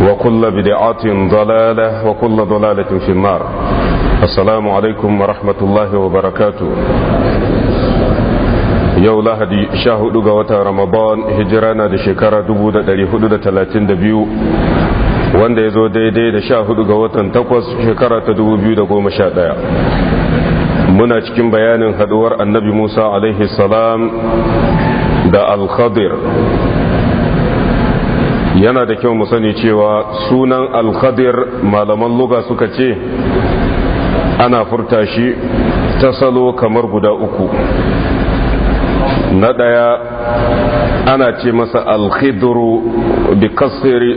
وكل بدعة ضلالة وكل ضلالة في النار السلام عليكم ورحمة الله وبركاته yau lahadi sha hudu ga watan ramadan hijira na da shekara 432 wanda ya zo daidai da sha hudu ga watan takwas shekara ta 2011 muna cikin bayanin haduwar annabi musa alaihi salam da al-khadir yana da kyau mu sani cewa sunan alkhadir malaman luga suka ce ana furta shi ta salo kamar guda uku na ɗaya ana ce masa alkhidru bi kasiri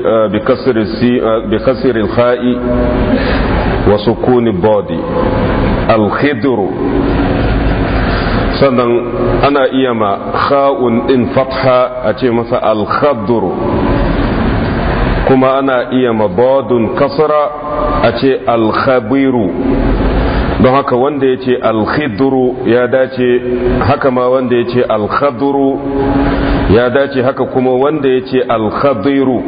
eh, eh, ha'i wa sukuni body sannan ana iya ma kha'un din fatha a ce masa alkhadru kuma ana iya mabadun kasara a ce alkhabiru don haka wanda ya ce alkhidru ya dace haka ma wanda ya ce alkhadru ya dace haka kuma wanda ya ce alkhadiru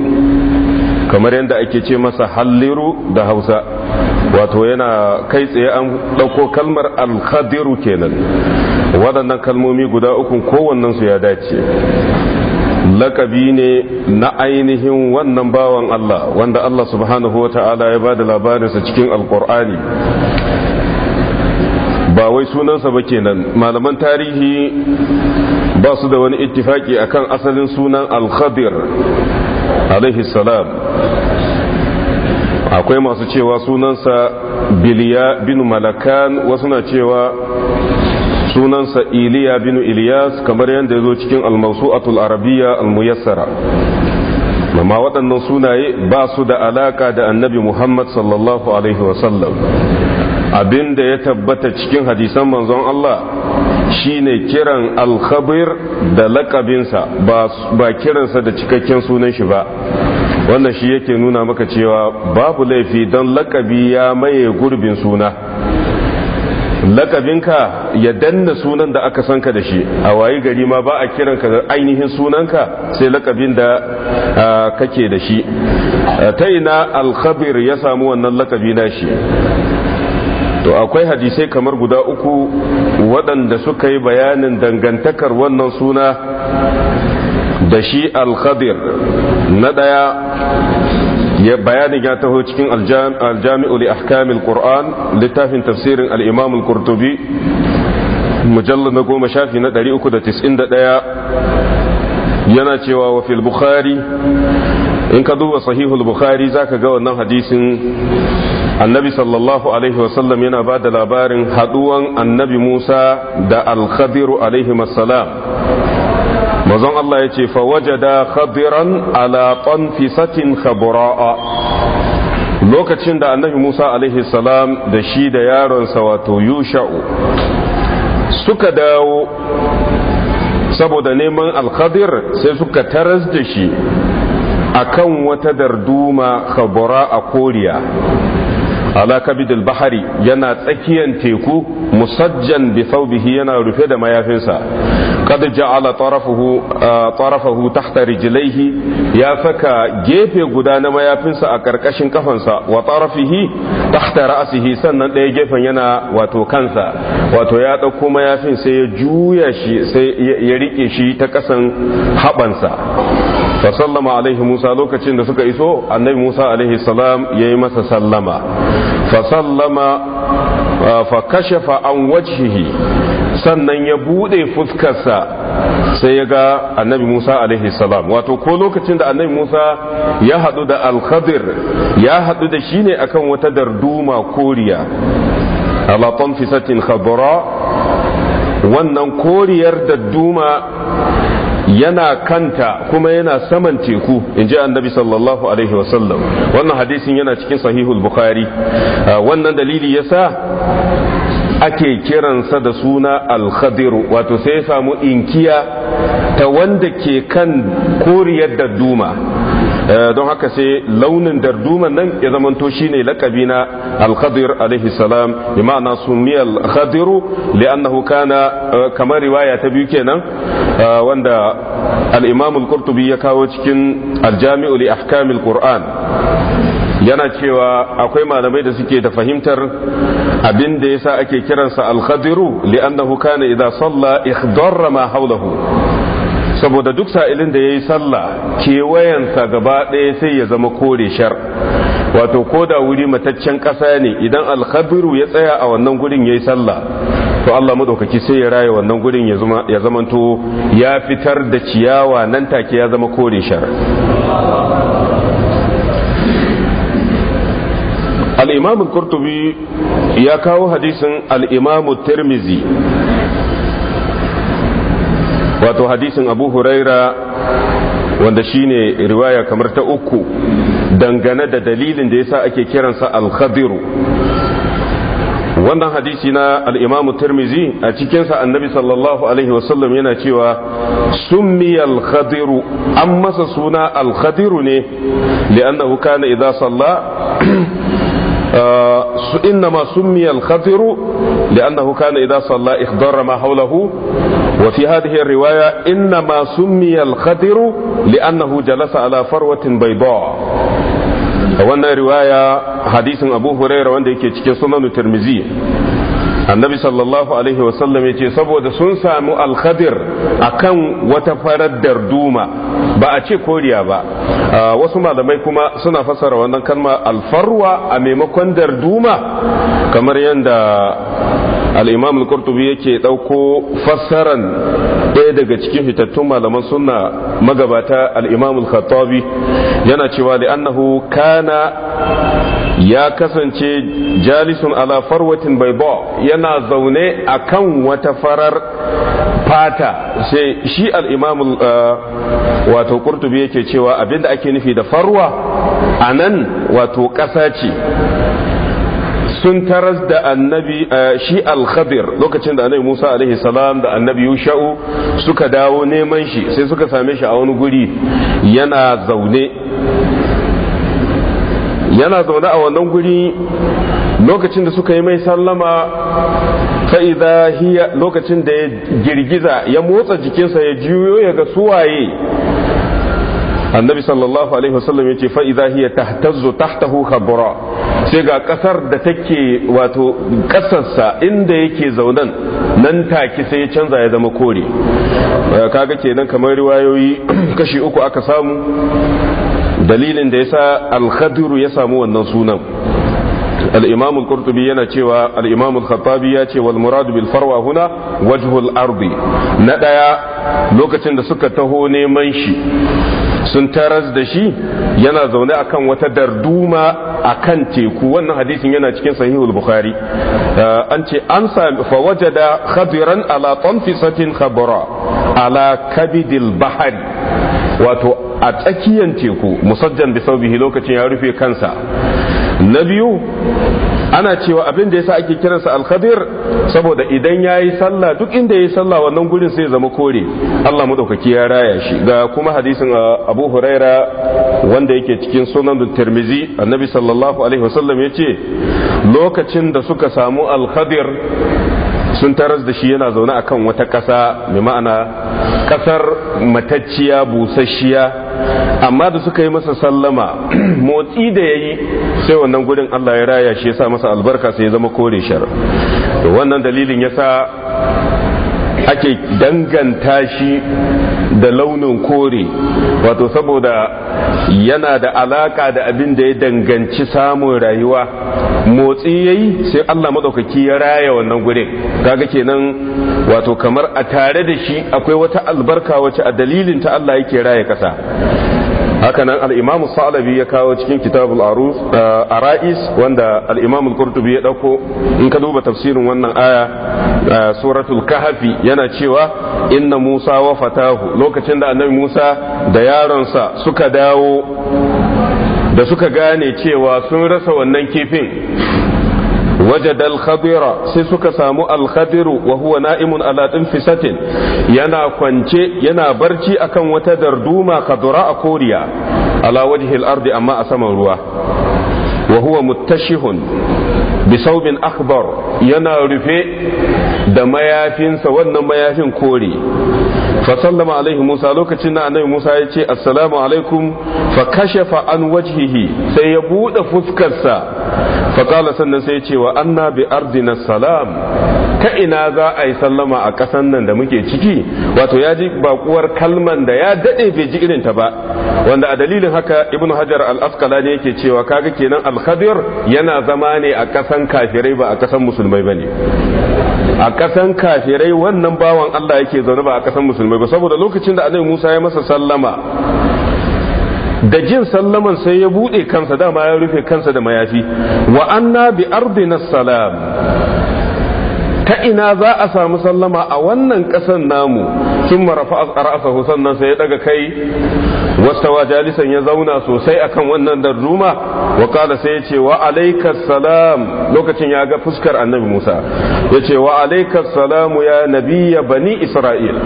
kamar yadda ake ce masa halliru da hausa wato yana kai tsaye an ɗauko kalmar alkhadiru kenan waɗannan kalmomi guda ukun kowannensu ya dace lakabi ne na ainihin wannan bawan Allah wanda Allah subhanahu wa ta'ala ya ba da labarinsa cikin alkur'ani ba wai sunansa ba kenan malaman tarihi ba su da wani ittifaki akan asalin sunan al-khadir alaihi salam akwai masu cewa sunansa biliya bin malakan wasu na cewa sunansa iliya bin iliyas kamar yadda ya zo cikin almasu'atul arabiya almuyassara amma waɗannan sunaye ba su da alaka da annabi muhammad sallallahu alaihi wasallam abin da ya tabbata cikin hadisan manzon Allah shine kiran alkhabir da lakabinsa ba kiransa da cikakken sunan shi ba wannan shi yake nuna maka cewa babu laifi don lakabi ya maye gurbin suna lakabinka ya danna sunan da aka sanka da shi a wayi gari ma ba a kiranka da ainihin sunanka sai lakabin da kake da shi ta ina alkhabir ya samu wannan lakabi na shi to akwai hadisai kamar guda uku waɗanda suka yi bayanin dangantakar wannan suna da shi alkhabir na ɗaya bayanin ya taho cikin aljami'u li qur'an littafin tafsirin al-imam al-qurtubi mujallad goma shafi na 391 yana cewa wa fil bukhari in ka duba sahihul bukhari zaka ga wannan hadisin annabi sallallahu alaihi sallam yana ba da labarin haduwan annabi musa da al khadir alaihi mazan Allah ya ce fawajada khadiran ala qanfisatin khabura'a lokacin da annabi Musa alaihi salam da shi da yaronsa wato Yusha'u suka dawo saboda neman alkhadir sai suka taras da shi akan wata darduma khabura a koriya ala kabidil bahari yana tsakiyan teku musajjan bi thawbihi yana rufe da mayafinsa qad ja'ala tarafuhu ah, tarafuhu tahta rijlaihi ya saka gefe guda na mayafinsa a karkashin kafansa wa tarafihi tahta ra'sihi sannan ɗaya gefen yana wato kansa wato ya dauko mayafin sai ya juya shi sai ya rike shi ta kasan haɓansa fa sallama alaihi musa lokacin da suka iso annabi musa alaihi salam ya yi masa sallama fa sallama fa kashafa an wajhihi sannan ya bude fuskarsa sai ya ga annabi musa alaihi salam wato ko lokacin da annabi musa ya hadu da alkhadir ya hadu da shine akan wata darduma koriya ala tanfisatin khadra wannan koriyar darduma yana kanta kuma yana saman teku in ji annabi sallallahu alaihi wasallam wannan hadisin yana cikin sahihul bukhari ah, wannan dalili yasa ake kiransa da suna alkhadiru wato sai ya samu inkiya ta wanda ke kan koriyar da duma Eh, don haka sai launin darduman nan ya zamanto shine lakabi na al-khadir alaihi salam bi ma'ana sumiya al-khadir annahu kana eh, kamar riwaya ta biyu kenan eh, wanda al-imam al-qurtubi ya kawo cikin al-jami'u li ahkam al-qur'an yana cewa akwai malamai da suke da fahimtar abin da yasa ake kiransa al-khadiru li'annahu kana idza salla ikhdarra ma hawlahu saboda duk sa'ilin da ya yi sallah kewayensa gaba ɗaya sai ya zama kore shar wato ko da wuri mataccen ƙasa ne idan alkhabiru ya tsaya a wannan gurin ya yi sallah to Allah madaukaki sai ya raya wannan gurin ya zamanto ya fitar da ciyawa nan take ya zama kore shar al ya kawo hadisin al imamu tirmizi wato hadisin abu huraira wanda shine riwaya kamar ta uku dangane da dalilin da yasa ake kiransa al wannan hadisi na al'imamu tirmizi a cikinsa annabi sallallahu alaihi wasallam yana cewa summi al-khadiru an masa suna al-khadiru ne li'annahu kana idza salla uh, su inna ma summi al-khadiru لأنه كان إذا صلى إخضر ما حوله وفي هذه الرواية إنما سمي الخدر لأنه جلس على فروة بيضاء wannan riwaya hadisin abu huraira wanda yake cikin sunan tirmizi annabi sallallahu alaihi wasallam ya ce saboda sun samu alkhadir kan wata farar darduma ba a ce koriya ba wasu malamai kuma suna fassara wannan kalma alfarwa a maimakon darduma kamar yadda al kurtubi yake dauko fassaran ɗaya daga cikin fitattun malaman sunna magabata al-imam khattabi yana cewa da annahu kana ya kasance jalisun ala farwatin baiba yana zaune a kan wata farar fata sai shi al'imam uh, wato kurtubi yake cewa abinda ake nufi da farwa a nan wato ƙasa ce sun taras da annabi eh, shi al lokacin da annabi Musa alaihi salam da annabi Yusha'u suka dawo neman shi sai suka same shi a wani guri yana zaune yana zaune a wannan guri lokacin da suka yi mai sallama fa'iza hiya lokacin da ya girgiza ya motsa jikinsa ya juyo ya ga suwaye annabi sallallahu alaihi wasallam yace fa idza hiya tahtazzu tahtahu khabra sai ga kasar da take wato kasarsa inda yake zaunan nan take sai ya canza ya zama kore kaga kenan kamar riwayoyi kashi uku aka samu dalilin da yasa al khadir ya samu wannan sunan yana cewa الإمام القرطبي ce الإمام الخطابي ياتي والمراد بالفروة na وجه lokacin da suka taho neman shi. sun taras da shi yana zaune akan wata darduma a kan teku wannan hadisin yana cikin sahihul bukhari uh, an ce an sami fawajada khadiran ala tanfisatin khabara ala kabidil bahari wato a tsakiyan teku musajjan da saubihi lokacin ya rufe kansa na biyu ana cewa abin da yasa ake kiransa alkhadir saboda idan yayi sallah duk inda ya yi sallah wannan gurin sai zama kore Allah madaukaki ya raya shi ga kuma hadisin uh, Abu Huraira wanda yake cikin sunan Tirmizi annabi sallallahu alaihi wasallam yace lokacin da suka samu alkhadir sun taras da shi yana zaune akan wata ƙasa mai ma'ana ƙasar matacciya busasshiya amma da suka yi masa sallama motsi da ya yi sai wannan gudun Allah ya raya shi ya sa masa albarka sai ya zama kore shar wannan dalilin ya sa ake danganta shi da launin kore wato saboda yana da alaka da abin da ya danganci samun rayuwa motsi ya yi sai Allah maɗaukaki ya raya wannan gure kaga kenan wato kamar a tare da shi akwai wata albarka wacce a dalilin ta Allah yake raya kasa hakanan al-imam salabi ya kawo cikin kitabul a eh, arais wanda al-imam ya dauko in ka duba tafsirin wannan aya eh, suratul kahafi yana cewa inna musa wa fatahu lokacin da annabi musa da yaronsa suka dawo da suka gane cewa sun rasa wannan kifin وجد الخضر سيسك سامو الخضر وهو نائم على تنفسة ينا كونشي ينا برشي أكن وتدردوما خضراء كوريا على وجه الأرض أما أسمى الروا wa huwa muttashihun bi akbar yana rufe da mayafinsa wannan mayafin kore fa sallama alaihi musa lokacin na annabi musa ya ce assalamu alaikum fa kashafa an wajhihi sai ya bude fuskarsa fa kala sannan sai ya ce wa anna bi ardina salam ta ina za a yi sallama a ƙasan nan da muke ciki wato ya ji bakuwar kalman da ya daɗe bai ji irinta ba wanda a dalilin haka ibnu hajar al-asqalani yake cewa kaga kenan al alkadir yana zama ne a kasan kafirai ba a kasan musulmai ba ne a kasan kafirai wannan bawan Allah yake zaune ba a kasan musulmai ba saboda lokacin da annabi Musa ya masa sallama da jin sallaman sai ya bude kansa dama ya rufe kansa da mayafi wa anna bi ardina salam ta ina za a samu sallama a wannan kasan namu sun marafa ra'asahu sannan sai ya daga kai wastawa jalisan ya zauna sosai akan wannan darduma wa kala sai wa alaikas salam lokacin ya ga fuskar annabi Musa yace wa alaikas salamu ya bani Isra'il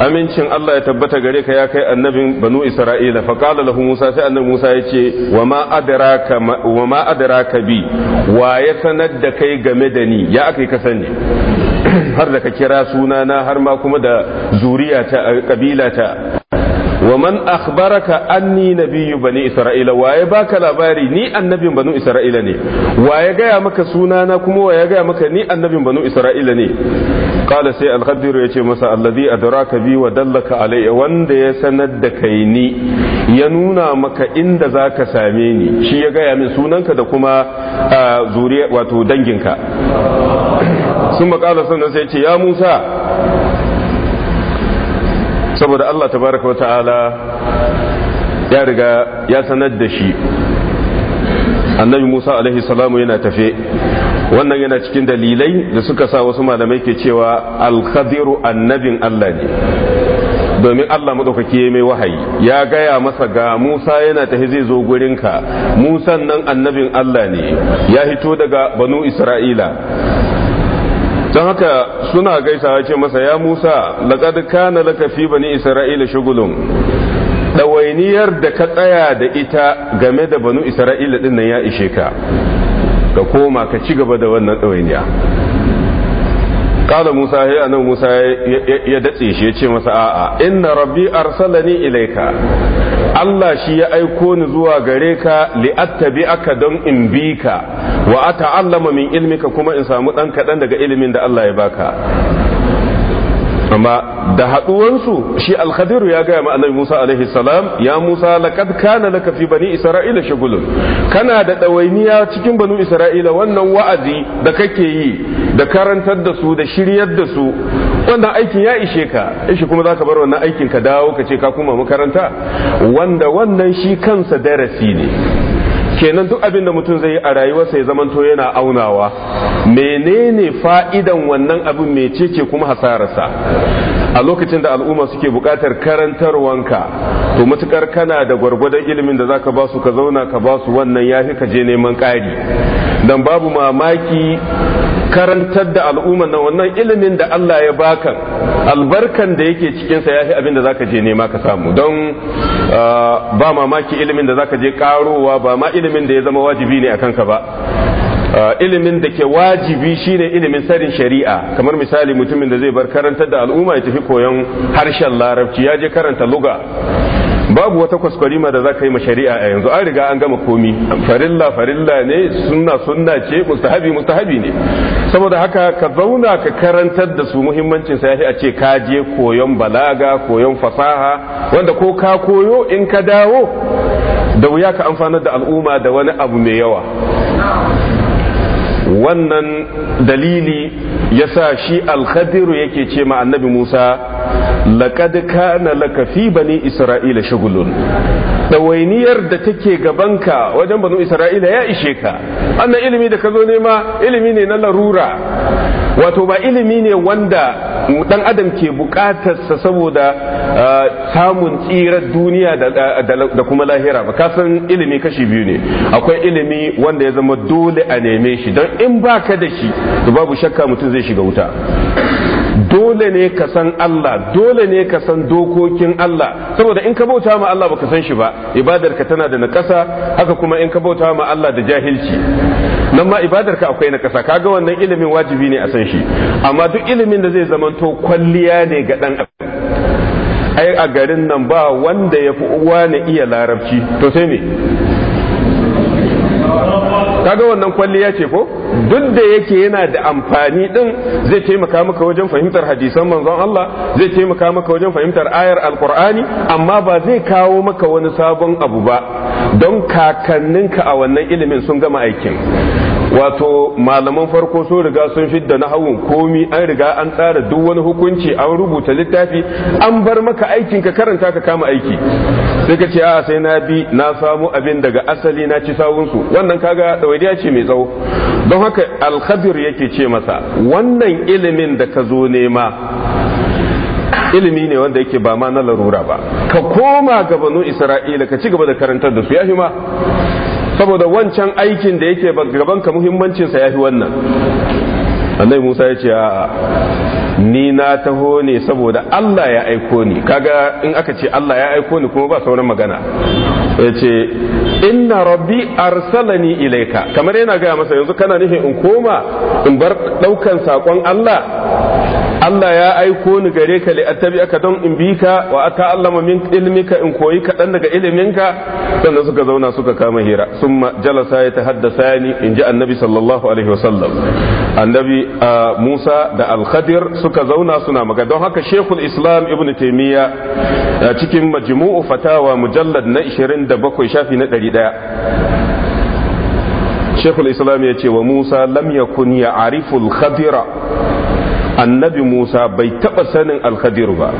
amincin Allah ya tabbata gare ka ya kai annabin banu Isra'ila fa kala lahu Musa sai annabi Musa ya ce wa ma adraka wa ma adraka bi wa ya sanar da kai game da ni ya akai ka sani har da ka kira sunana har ma kuma da zuriyata kabilata wa man akhbaraka anni nabiyyu bani isra'ila waye baka labari ni annabin banu isra'ila ne waye gaya maka sunana kuma waye gaya maka ni annabin banu isra'ila ne faƙala sai alhadiru ya ce masa adara ka bi wa dallaka alayya wanda ya sanar da kai ni ya nuna maka inda zaka same ni shi ya gaya min sunanka da kuma zuriya wato danginka sun maƙala sannan sai ce ya musa saboda allah ta wa ta'ala ya sanar da shi annabi musa alaihi yana tafe wannan yana cikin dalilai da suka sa wasu malamai ke cewa alkhadiru annabin Allah ne domin Allah maɗaukaki ya mai wahayi ya gaya masa ga Musa yana tafi zai zo gurinka Musa nan annabin Allah ne ya hito daga banu Isra'ila don haka suna gaisawa ce masa ya musa laƙad kana laka fi bani isra'ila shugulun ɗawainiyar da ka tsaya da ita game da banu isra'ila ɗin nan ya ishe ka ka koma ka ci gaba da wannan ɗawainiya kala musa ya yi nan musa ya datse shi ya ce masa a'a inna rabbi arsalani ilaika Allah shi ya aiko ni zuwa gare ka li'attabi aka don in bi ka wa ta'allama min ka kuma in samu ɗan kaɗan daga ilimin da Allah ya baka amma da haduwansu shi alkhadiru ya gaya ma Musa alaihi salam ya Musa laqad kana laka fi bani isra'ila shagulun kana da dawainiya cikin banu isra'ila wannan wa'azi da kake yi da karantar da su da shiryar da su wannan aikin ya ishe ka Ishe kuma zaka bar wannan aikin ka dawo ka ce ka kuma makaranta wanda wannan shi kansa darasi ne kenan duk abin da mutum zai yi a rayuwarsa ya zamanto yana aunawa menene fa'idan wannan abin mai cece kuma hasararsa a lokacin da al'umma suke buƙatar karantarwanka to matukar kana da gwargwadon ilimin da zaka basu ka zauna ka basu su wannan yafi ka je neman ƙari dan babu mamaki karantar da al'umma na wannan ilimin da Allah ya baka albarkan da yake cikinsa ya fi abin da zaka je nema ka samu don ah, ba mamaki ilimin da zaka je karowa ba ma ilimin da ya zama wajibi ne a kanka ba ah, ilimin da ke wajibi shine ilimin sarin shari'a kamar misali mutumin da zai bar karantar da al'umma ya tafi koyon harshen larabci ya je karanta luga babu wata kwaskwarima da za ka yi ma shari'a a yanzu an riga an gama komi farilla farilla ne sunna sunna ce mustahabi mustahabi ne saboda haka ka zauna ka karantar da su muhimmancin sa yafi a ce ka je koyon balaga koyon fasaha wanda ko ka koyo in ka dawo da wuya ka amfanar da al'umma da wani abu mai yawa wannan dalili yasa shi alkhadiru yake ce ma annabi Musa laqad kana laka fi bani isra'ila shugulun ɗawainiyar da take gabanka wajen banu isra'ila ya ishe ka annan ilimi da ka zo nema ilimi ne na larura wato ba ilimi ne wanda dan adam ke bukatarsa saboda uh, samun tsirar duniya da kuma lahira ba ka san ilimi kashi biyu ne akwai ilimi wanda ya zama dole a neme shi don in baka da shi to babu shakka mutum zai shiga wuta dole ne ka san Allah dole ne ka san dokokin Allah saboda in ka bauta ma Allah baka san shi ba ibadar ka tana da naƙasa haka kuma in ka bauta ma Allah da jahilci nan ma ibadar ka akwai na kasa kaga wannan ilimin wajibi ne a san shi amma duk ilimin da zai zamanto kwalliya ne ga dan ai a garin nan ba wanda ya fi uwa na iya larabci to sai me kaga wannan kwalliya ce ko duk da yake yana da amfani din zai taimaka maka wajen fahimtar hadisan manzon Allah zai taimaka maka wajen fahimtar ayar alkur'ani amma ba zai kawo maka wani sabon abu ba don kakanninka a wannan ilimin sun gama aikin wato malaman farko sun riga sun fidda na hawun komi an riga an tsara duk wani hukunci an rubuta littafi an bar maka aikin ka karanta ka kama aiki sai ka ce a sai na bi na samu abin daga asali na ci sawunsu wannan kaga ɗawainiya ce mai tsawo don haka alkhadir yake ce masa wannan ilimin da ka zo nema ilimi ne wanda yake ba ma na larura ba ka koma gabanu isra'ila ka ci gaba da karantar da su ya ma saboda wancan aikin da yake gaban gabanka muhimmancinsa ya fi wannan annabi musa ya ce a ni na taho ne saboda Allah ya aiko ni kaga in aka ce Allah ya aiko ni kuma ba sauran magana ya ce inna rabbi arsalani ilaika kamar yana gaya masa yanzu kana nufin in koma in bar daukan sakon Allah Allah ya aiko ni gare ka li aka don in bi ka wa ata'allama min ilmika in koyi kaɗan daga iliminka sannan suka zauna suka kama hira summa jalasa ya tahaddasa ni in ji annabi sallallahu alaihi wasallam annabi Musa da al-Khadir suka zauna suna maka don haka Sheikhul Islam Ibn Taymiyyah cikin majmu'u fatawa mujallad na 27 shafi na 100 shekul islam ya ce wa musa lam yakun ya ariful khadira annabi Musa bai taɓa sanin alkhadiru ba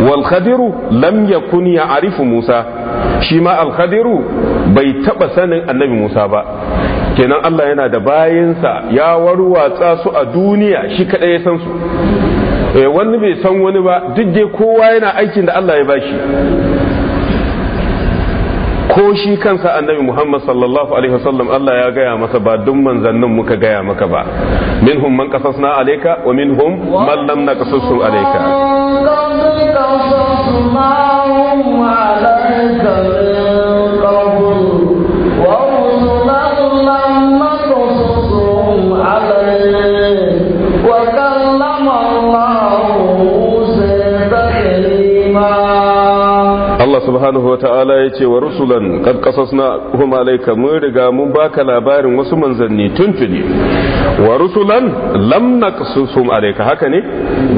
wal khadiru lam yakun ya'rifu Musa shi ma alkhadiru bai taɓa sanin annabi Musa ba kenan Allah yana da bayinsa ya warwatsa su a duniya shi kaɗai ya san su eh, wani bai san wani ba duk dai kowa yana aikin da Allah ya bashi ko shi kansa annabi Muhammad sallallahu alaihi wasallam Allah ya gaya masa ba duk manzannin muka gaya maka ba minhum man qasasna alayka wa minhum man lam naqasasu alayka wata'ala ya ce wa rusulan kad na kuma alayka mun riga mun baka labarin wasu manzanni tuntuni wa rusulan lam naqsusum alayka haka ne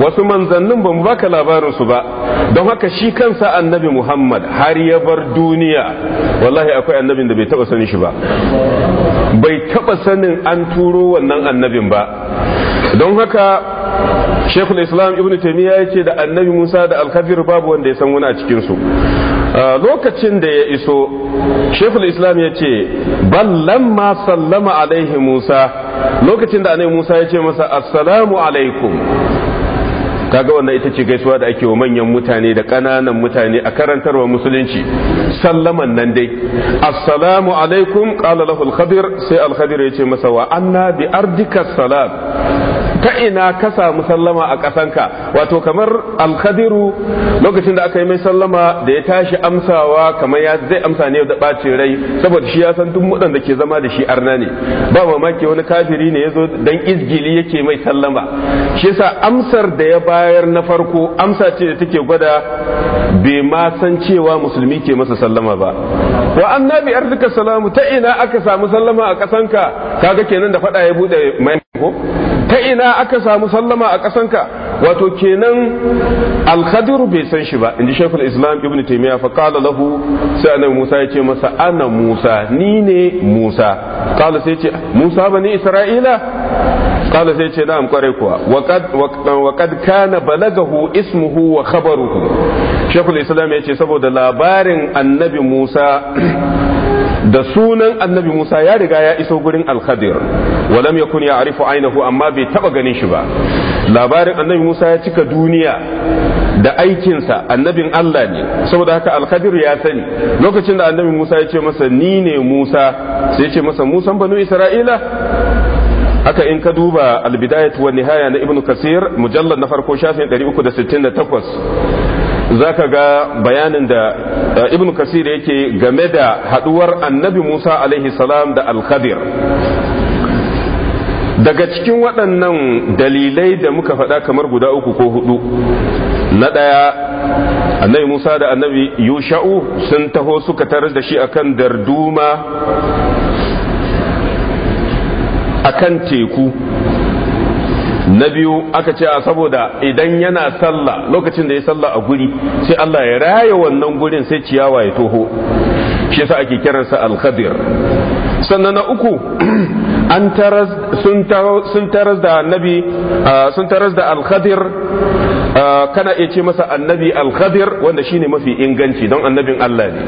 wasu manzannin ba mu baka labarin su ba don haka shi kansa annabi Muhammad har ya bar duniya wallahi akwai annabin da bai taba sanin shi ba bai taba sanin an turo wannan annabin ba don haka shekul islam ibn taimiyya ya ce da annabi musa da alkafir babu wanda ya san wani a cikinsu Ah, lokacin da ya iso shekul islam ya ce ballan ma sallama alaihi musa lokacin da anai musa ya ce masa assalamu alaikum kaga wannan ita ce gaisuwa da ake wa manyan mutane da ƙananan mutane a karantarwa musulunci sallaman nan dai assalamu alaikum qala lahu al sai al-khadir ce masa wa anna bi ardika salam ta ina ka samu sallama a ƙasanka wato kamar alkhadiru lokacin da aka yi mai sallama da ya tashi amsawa kamar ya zai amsa ne da ɓacin rai saboda shi ya san duk mudan da ke zama da shi arna ne ba mamaki wani kafiri ne ya zo dan izgili yake mai sallama shi yasa amsar da ya bayar na farko amsa ce da take gwada bai ma san cewa musulmi ke masa sallama ba wa annabi arzika salamu ta ina aka samu sallama a ƙasanka kaga kenan da faɗa ya buɗe mai ta ina aka samu sallama a ƙasanka wato kenan alkhadiru bai san shi ba in ji shekul islam ibn taimiyya fa kala lahu sai annabi musa ya ce masa ana musa ni ne musa kala sai ce musa bani isra'ila kala sai ce na'am kwarai kuwa wa kad kana balagahu ismuhu wa khabaruhu shekul islam ya ce saboda labarin annabi musa da sunan annabi Musa ya riga ya iso gurin Al-Khadir walam yakun ya'rifu ainihu amma bai taba ganin shi ba labarin annabi Musa ya cika duniya da aikinsa annabin Allah ne saboda haka Al-Khadir ya sani lokacin da annabi Musa ya ce masa ni ne Musa sai ya ce masa Musan banu Isra'ila haka in ka duba albidayat wa nihaya na ibnu kasir mujallad na farko shafin 368 Zaka ga bayanin da eh, ibn kasir yake game da haduwar annabi musa alaihi salam da alkhadir daga cikin waɗannan dalilai da muka faɗa kamar guda uku ko hudu na ɗaya annabi musa da annabi yusha'u sun taho suka tarar da shi akan darduma akan teku na biyu aka ce a saboda idan yana sallah lokacin da ya sallah a guri sai Allah ya raya wannan gurin sai ciyawa ya toho shi yasa ake kiransa al-khadir sannan na uku an taras sun taras da annabi sun taras da al-khadir kana iya ce masa annabi al-khadir wanda shine mafi inganci don annabin Allah ne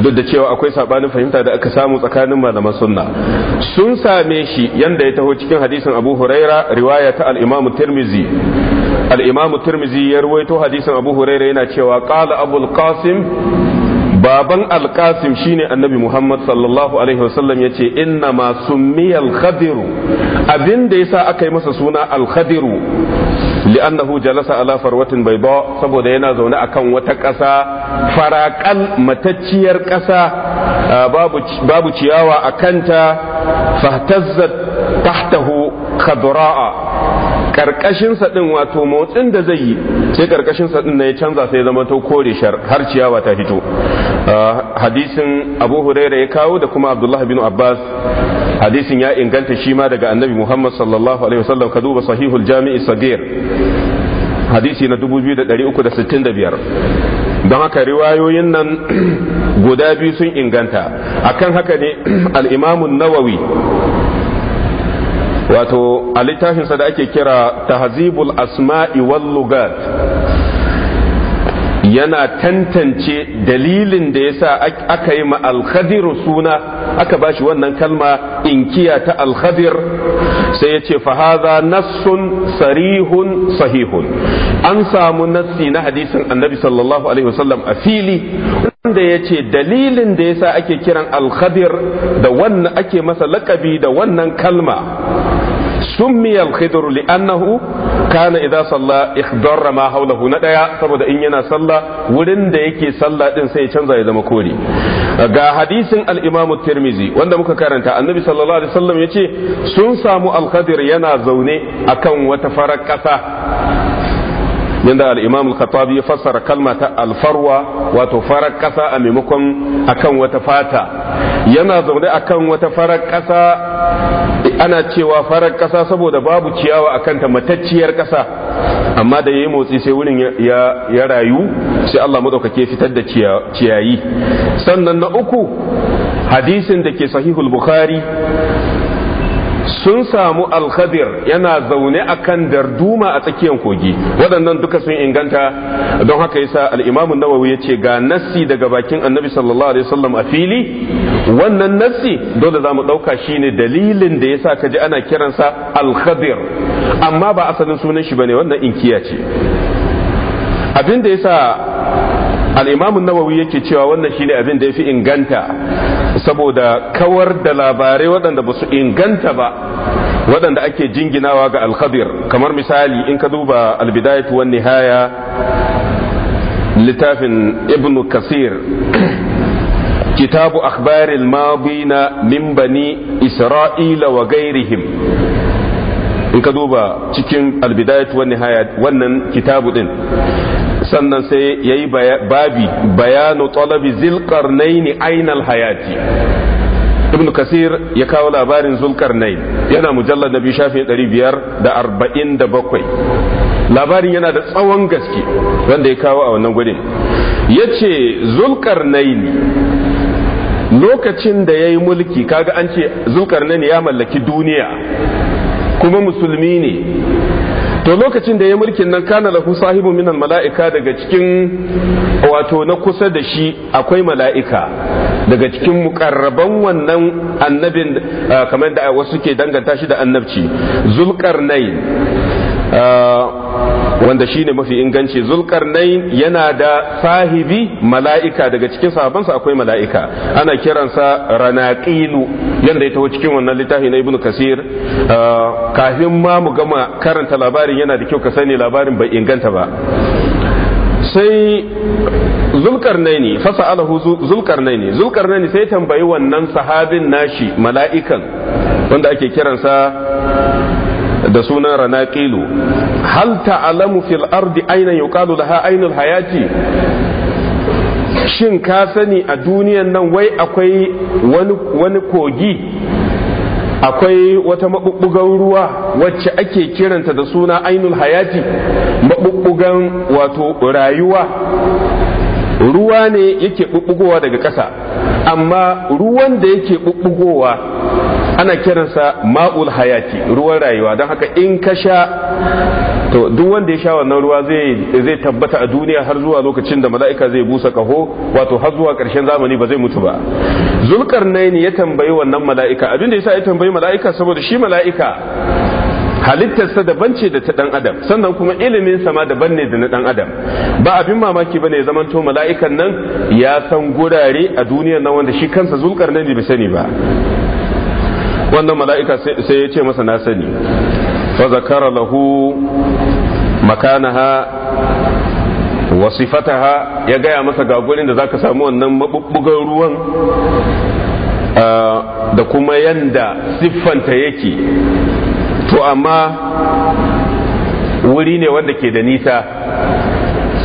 duk da cewa akwai sabanin fahimta da aka samu tsakanin malaman sunna sun same shi yanda ya taho cikin hadisin Abu Huraira riwaya ta al-Imam Tirmizi al Tirmizi ya ruwaito hadisin Abu Huraira yana cewa kala Abu baban al shine Annabi Muhammad sallallahu alaihi wasallam yace inna ma summiyal khadiru abinda yasa aka yi masa suna alhadiru." li'annahu jalasa ala farwatin bayda saboda yana zaune akan wata ƙasa faraƙal matacciyar ƙasa babu ciyawa a kanta fahtazzat tahtahu khadra'a karkashinsa din wato motsin da zai yi sai karkashinsa din na ya canza sai zama to kore shar har ciyawa ta fito hadisin abu huraira ya kawo da kuma abdullah bin abbas hadisin ya inganta shi ma daga annabi muhammad sallallahu alaihi wasallam ka duba sahihul jami'i sagir hadisi na 2365 don haka riwayoyin nan guda biyu sun inganta akan haka ne al'imamun nawawi wato a littafinsa da ake kira tahzibul asma'i wal lugat yana tantance dalilin da yasa aka yi ma alhadir suna aka bashi wannan kalma inkiya ta alhadir sai ya ce fahaza nassun sarihun sahihun an samu nassi na hadisin annabi sallallahu alaihi wasallam a fili wanda ya ce dalilin da yasa ake kiran alhadir da wannan ake masa lakabi da wannan kalma سمي الخضر لأنه كان إذا صلى إخضر haulahu na ندايا saboda in yana sallah wurin da yake sallah din sai ya canza ya zama kore ga hadisin al Tirmizi wanda muka karanta annabi sallallahu alaihi wasallam yace sun samu al yana zaune a kan wata farar kasa yanda al-imam al-khattabi ya fassara kalma ta alfarwa wato farar kasa a maimakon akan wata fata yana zaune akan wata farar kasa ana cewa farar kasa saboda babu ciyawa akan ta matacciyar kasa amma da yi motsi sai wurin ya ya rayu sai Allah madaukake fitar da ciyayi sannan na uku hadisin da ke sahihul bukhari sun samu alkhadir yana zaune a kan darduma a tsakiyar kogi waɗannan duka sun inganta don haka yasa al nawa nawawi yace ga nassi daga bakin Annabi sallallahu alaihi wasallam a fili wannan nassi dole za zamu dauka shine dalilin da yasa kaji ana kiransa alkhadir amma ba asalin sunan shi bane wannan inkiya ce abin da yasa al'imamu nawawi yake cewa wannan shine abin da ya fi inganta saboda kawar da labarai waɗanda ba su inganta ba waɗanda ake jinginawa ga alkhadir kamar misali in ka duba albidayat wan nihaya littafin ibnu kasir kitabu akhbaril madina min bani isra'ila wa gairihim in ka duba cikin albidayat wan nihaya wannan kitabu din sannan sai ya yi babi bayanu talabi naini ainal hayati ibn kasir ya kawo labarin zulkar nain yana mujallar na biyu shafi bakwai. labarin yana da tsawon gaske wanda ya kawo a wannan gudun ya ce zulkar nain lokacin da ya yi mulki kaga an ce zulkar nain ya mallaki duniya kuma musulmi ne to lokacin da ya mulkin nan kana lahu sahibu minan mala'ika daga cikin wato na kusa da shi akwai mala'ika daga cikin mukarraban wannan annabin ah, kamar da wasu ke danganta shi da annabci zulkarnain ah, wanda shine mafi inganci zulkarnain yana da sahibi mala'ika daga cikin sahabansa akwai mala'ika ana kiransa ranaqilu yanda ya cikin wannan littafi na ibnu kasir uh, kafin ma mu gama karanta labarin yana da kyau ka sani labarin bai inganta ba sai zulkarnaini fasa alahu zulkarnaini zulkarnaini sai tambayi wannan sahabin nashi mala'ikan wanda ake kiransa da sunan ranaqilu hal ta'lamu fil ardi ayna yuqalu laha aynul hayati shin ka sani a duniyan nan wai akwai wani kogi akwai wata maɓuɓɓugan ruwa wacce ake kiranta da suna ainul hayati maɓuɓɓugan wato rayuwa ruwa ne yake ɓuɓɓugowa daga ƙasa amma ruwan da yake ɓuɓɓugowa ana kiransa ma'ul hayati ruwan rayuwa don haka in ka sha to duk wanda ya sha wannan ruwa zai tabbata a duniya har zuwa lokacin da mala'ika zai busa kaho wato har zuwa karshen zamani ba zai mutu ba zulkarnaini ya tambayi wannan mala'ika abin da yasa ya tambayi mala'ika saboda shi mala'ika halittarsa daban ce da ta dan adam sannan kuma ilimin sama daban ne da na dan adam ba abin mamaki bane ya zamanto mala'ikan nan ya san gurare a duniyar nan wanda shi kansa zulkarnaini bai sani ba wannan mala'ika sai ya ce masa na sani fa zakara lahu makanaha wa ya gaya masa ga gurin da zaka samu wannan mabubbugan ruwan da kuma yanda siffanta yake to amma wuri ne wanda ke da nisa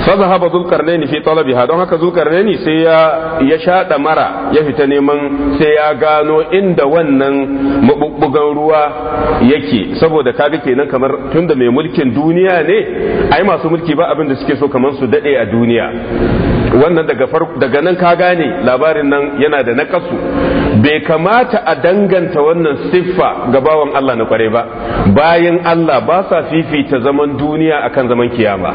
fa zahaba zulkarnaini fi talabiha don haka zulkarnaini sai ya ya shada mara ya fita neman sai ya gano inda wannan mabubbugan ruwa yake saboda kaga kenan kamar tunda mai mulkin duniya ne ai masu mulki ba abin da suke so kamar su dade a duniya wannan daga daga nan ka gane labarin nan yana da nakasu bai kamata a danganta wannan siffa ga bawan Allah na kware ba bayan Allah ba sa fifita zaman duniya akan zaman kiyama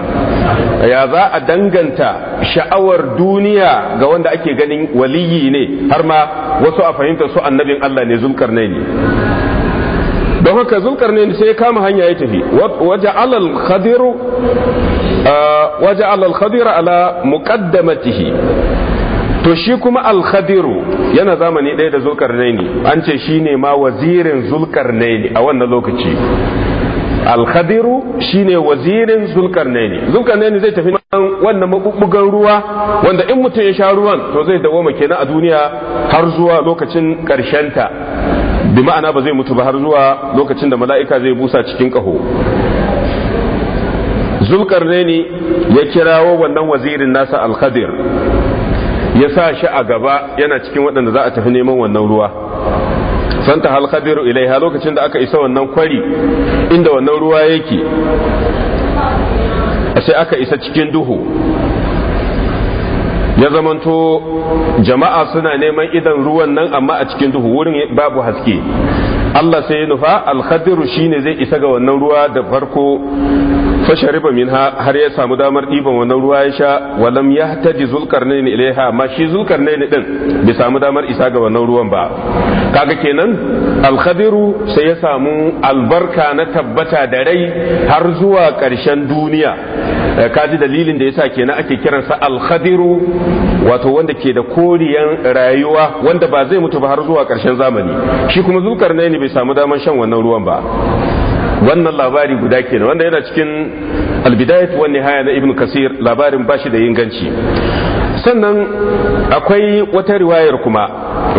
ya za a danganta sha'awar duniya ga wanda ake ganin waliyi ne har ma wasu a fahimta su annabin Allah ne ne don haka ne sai ya kama hanya ya tafi waje alal khadiru waje alal khadira ala muqaddamatihi to shi kuma al-khadiru yana zamani ɗaya da ne an ce shine ma wazirin ne a wannan lokaci alkhadiru shine wazirin zulkarnaini zulkarnaini zai tafi wannan mabubbugan ruwa wanda in mutum ya sha ruwan to zai dawoma kenan a duniya har zuwa lokacin ta bi ma'ana ba zai mutu ba har zuwa lokacin da mala'ika zai busa cikin ƙaho zulkarnaini ya kirawo wannan wazirin nasa alkhadir ya sa shi a gaba yana cikin waɗanda za a tafi neman wannan ruwa santa hal ilaiha lokacin da aka isa wannan kwari inda wannan ruwa yake sai aka isa cikin duhu ya zamanto jama'a suna neman idan ruwan nan amma a cikin duhu wurin babu haske Allah sai ya nufa alkhadiru shine zai isa ga wannan ruwa da farko fashariba minha har ya samu damar ɗiban wannan ruwa ya sha walam ya taji zulkarnaini ilaiha ma shi zulkarnaini din bai samu damar isa ga wannan ruwan ba kaga kenan alkhadiru sai ya samu albarka na tabbata da rai har zuwa karshen duniya eh, kaji dalilin da yasa kenan ake kiransa alkhadiru wato wanda ke da koriyan rayuwa wanda ba zai mutu ba har zuwa karshen zamani shi kuma zulkarnaini bai samu damar shan wannan ruwan ba wannan labari guda kenan wanda yana cikin albidayat wa nihaya na ibn kasir labarin bashi da inganci sannan akwai wata riwayar kuma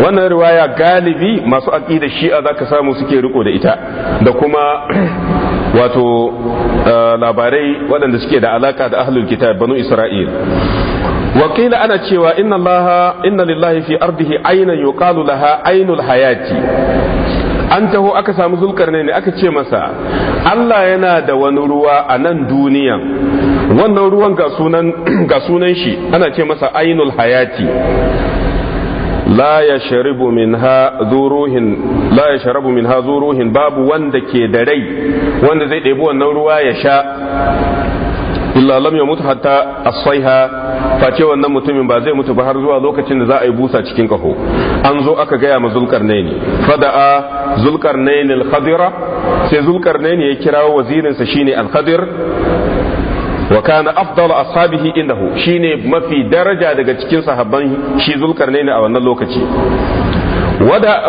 wannan riwaya galibi masu aqida shi'a zaka samu suke riko da ita da kuma wato eh, labarai waɗanda suke da alaka da ahlul kitab banu isra'il وقيل ana cewa إن الله إن لله في أرضه عينا يقال لها عين الحياة an taho aka samu zulkar ne aka ce masa Allah yana da wani ruwa a nan duniya wannan ruwan ga sunan shi ana ce masa ainul hayati la ya sharibu min ha zuruhin babu wanda ke da rai wanda zai ɗebi wannan ruwa ya sha illa lam yamut hatta asaiha face wannan mutumin ba zai mutu ba har zuwa lokacin da za a yi busa cikin kaho an zo aka gaya ma zulkarnaini fada'a zulkarnaini al-khadira sai zulkarnaini ya kirawo wazirinsa shine al-khadir wa kana afdalu ashabihi indahu shine mafi daraja daga cikin sahabban shi zulkarnaini a wannan lokaci Ah,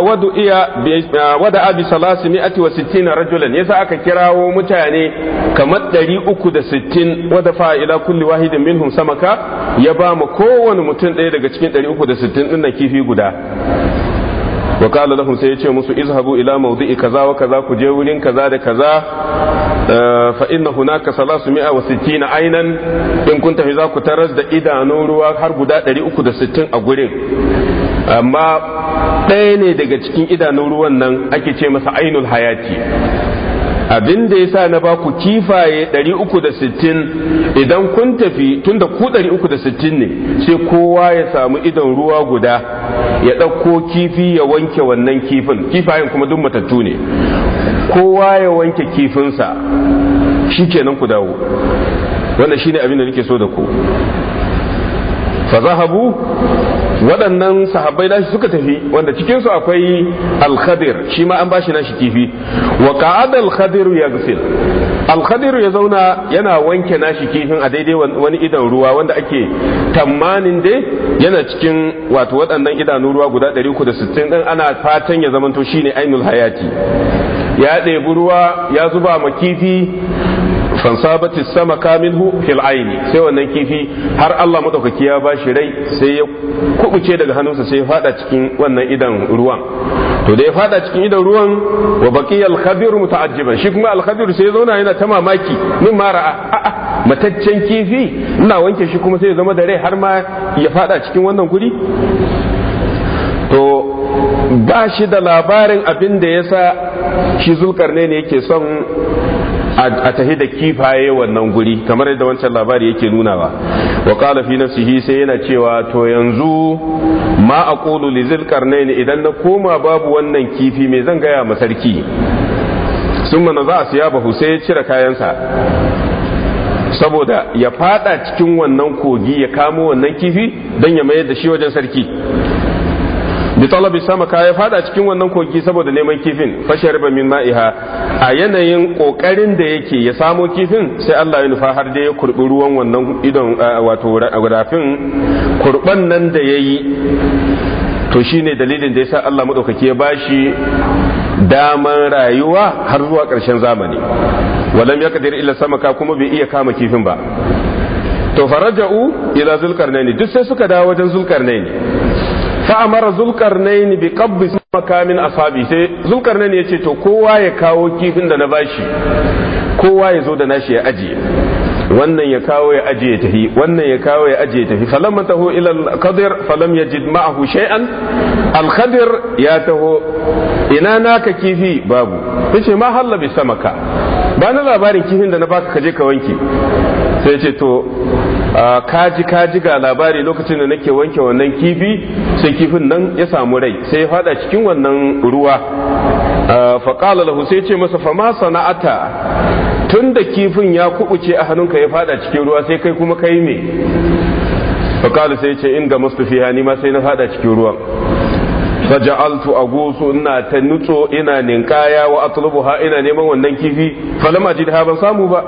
wada abi salasi mi'ati wa sittina rajulan yasa aka kirawo mutane kamar dari uku da sittin wada fa'ila kulli wahidin minhum samaka ya ba mu kowanne mutum daya daga cikin dari uku da sittin ɗin na kifi guda wa kala lahum sai ya ce musu izhabu ila mawdi'i kaza wa kaza ku je wurin kaza da kaza ah, fa inna hunaka salasu mi'a wa sittina aynan in kun tafi za taras da idanun ruwa har guda 360 a gurin amma ɗaya ne daga cikin idanun ruwan nan ake ce masa ainul hayati abin da ya sa na ba ku kifaye 360 idan kun tafi tunda ku 360 ne sai kowa ya samu idan ruwa guda ya ɗauko kifi ya wanke wannan kifin kifayen kuma duk matattu ne kowa ya wanke kifinsa shi kenan ku dawo wannan ne abin da nake so da ku fa zahabu waɗannan sahabbai nashi suka tafi wanda cikin su akwai al-khadir shi ma an bashi nashi kifi wa qa'ada al-khadir yaghsil al-khadir ya zauna yana wanke nashi kifin a daidai wani idan ruwa wanda ake tamanin dai yana cikin wato waɗannan idanun ruwa guda 360 din ana fatan ya zamanto shine ainul hayati ya ɗebi ruwa ya zuba ma kifi fansabati sama kaminhu fil aini sai wannan kifi har Allah madaukaki ya bashi rai sai ya kubuce daga hannunsa sai ya fada cikin wannan idan ruwan to da ya fada cikin idan ruwan wa baqiyal khabir muta'ajjiban shi kuma al khabir sai ya zauna yana ta mamaki min ma ra'a a'a mataccen kifi ina wanke shi kuma sai ya zama da rai har ma ya fada cikin wannan guri to ba shi da labarin abin da ya sa shi zulkarne ne yake son a tahi da kifaye wannan guri kamar yadda wancan labari yake nunawa wa na fi nafsihi sai yana cewa to yanzu ma aqulu li zulqarnain idan na koma babu wannan kifi me zan gaya ma sarki za a asiyabahu sai ya cire kayansa saboda ya fada cikin wannan kogi ya kamo wannan kifi don ya mayar da shi wajen sarki bi talabi samaka ya fada cikin wannan kogi saboda neman kifin fashar min ma'iha a yanayin kokarin da yake ya samo kifin sai Allah ya nufa har da ya kurbi ruwan wannan idon wato rafin kurban nan da yayi to shine dalilin da yasa Allah madaukaki ya bashi daman rayuwa har zuwa ƙarshen zamani walam ya kadir illa samaka kuma bai iya kama kifin ba to faraja'u ila zulkarnaini duk sai suka dawo wajen zulkarnaini fa amara zulkarnaini bi qabbi makamin asabi sai zulkarnaini yace to kowa ya kawo kifin da na bashi kowa ya zo da nashi ya ajiye wannan ya kawo ya ajiye tafi wannan ya kawo ya ajiye tafi falamma taho ila al-qadir falam yajid ma'ahu shay'an al-qadir ya taho ina naka kifi babu yace ma halla bi samaka ba na labarin kifin da na baka kaje ka wanke sai ce to kaji kaji ga labari lokacin da nake wanke wannan kifi sai kifin nan ya samu rai sai ya fada cikin wannan ruwa faƙala lahu sai ce masa fama sana'ata tun kifin ya kubuce a hannunka ya fada cikin ruwa sai kai kuma kai me faƙala sai ce in ga mustafiya ni ma sai na fada cikin ruwan faja'altu agusu ina ta nutso ina ninkaya wa atlubuha ina neman wannan kifi falam ajidha ban samu ba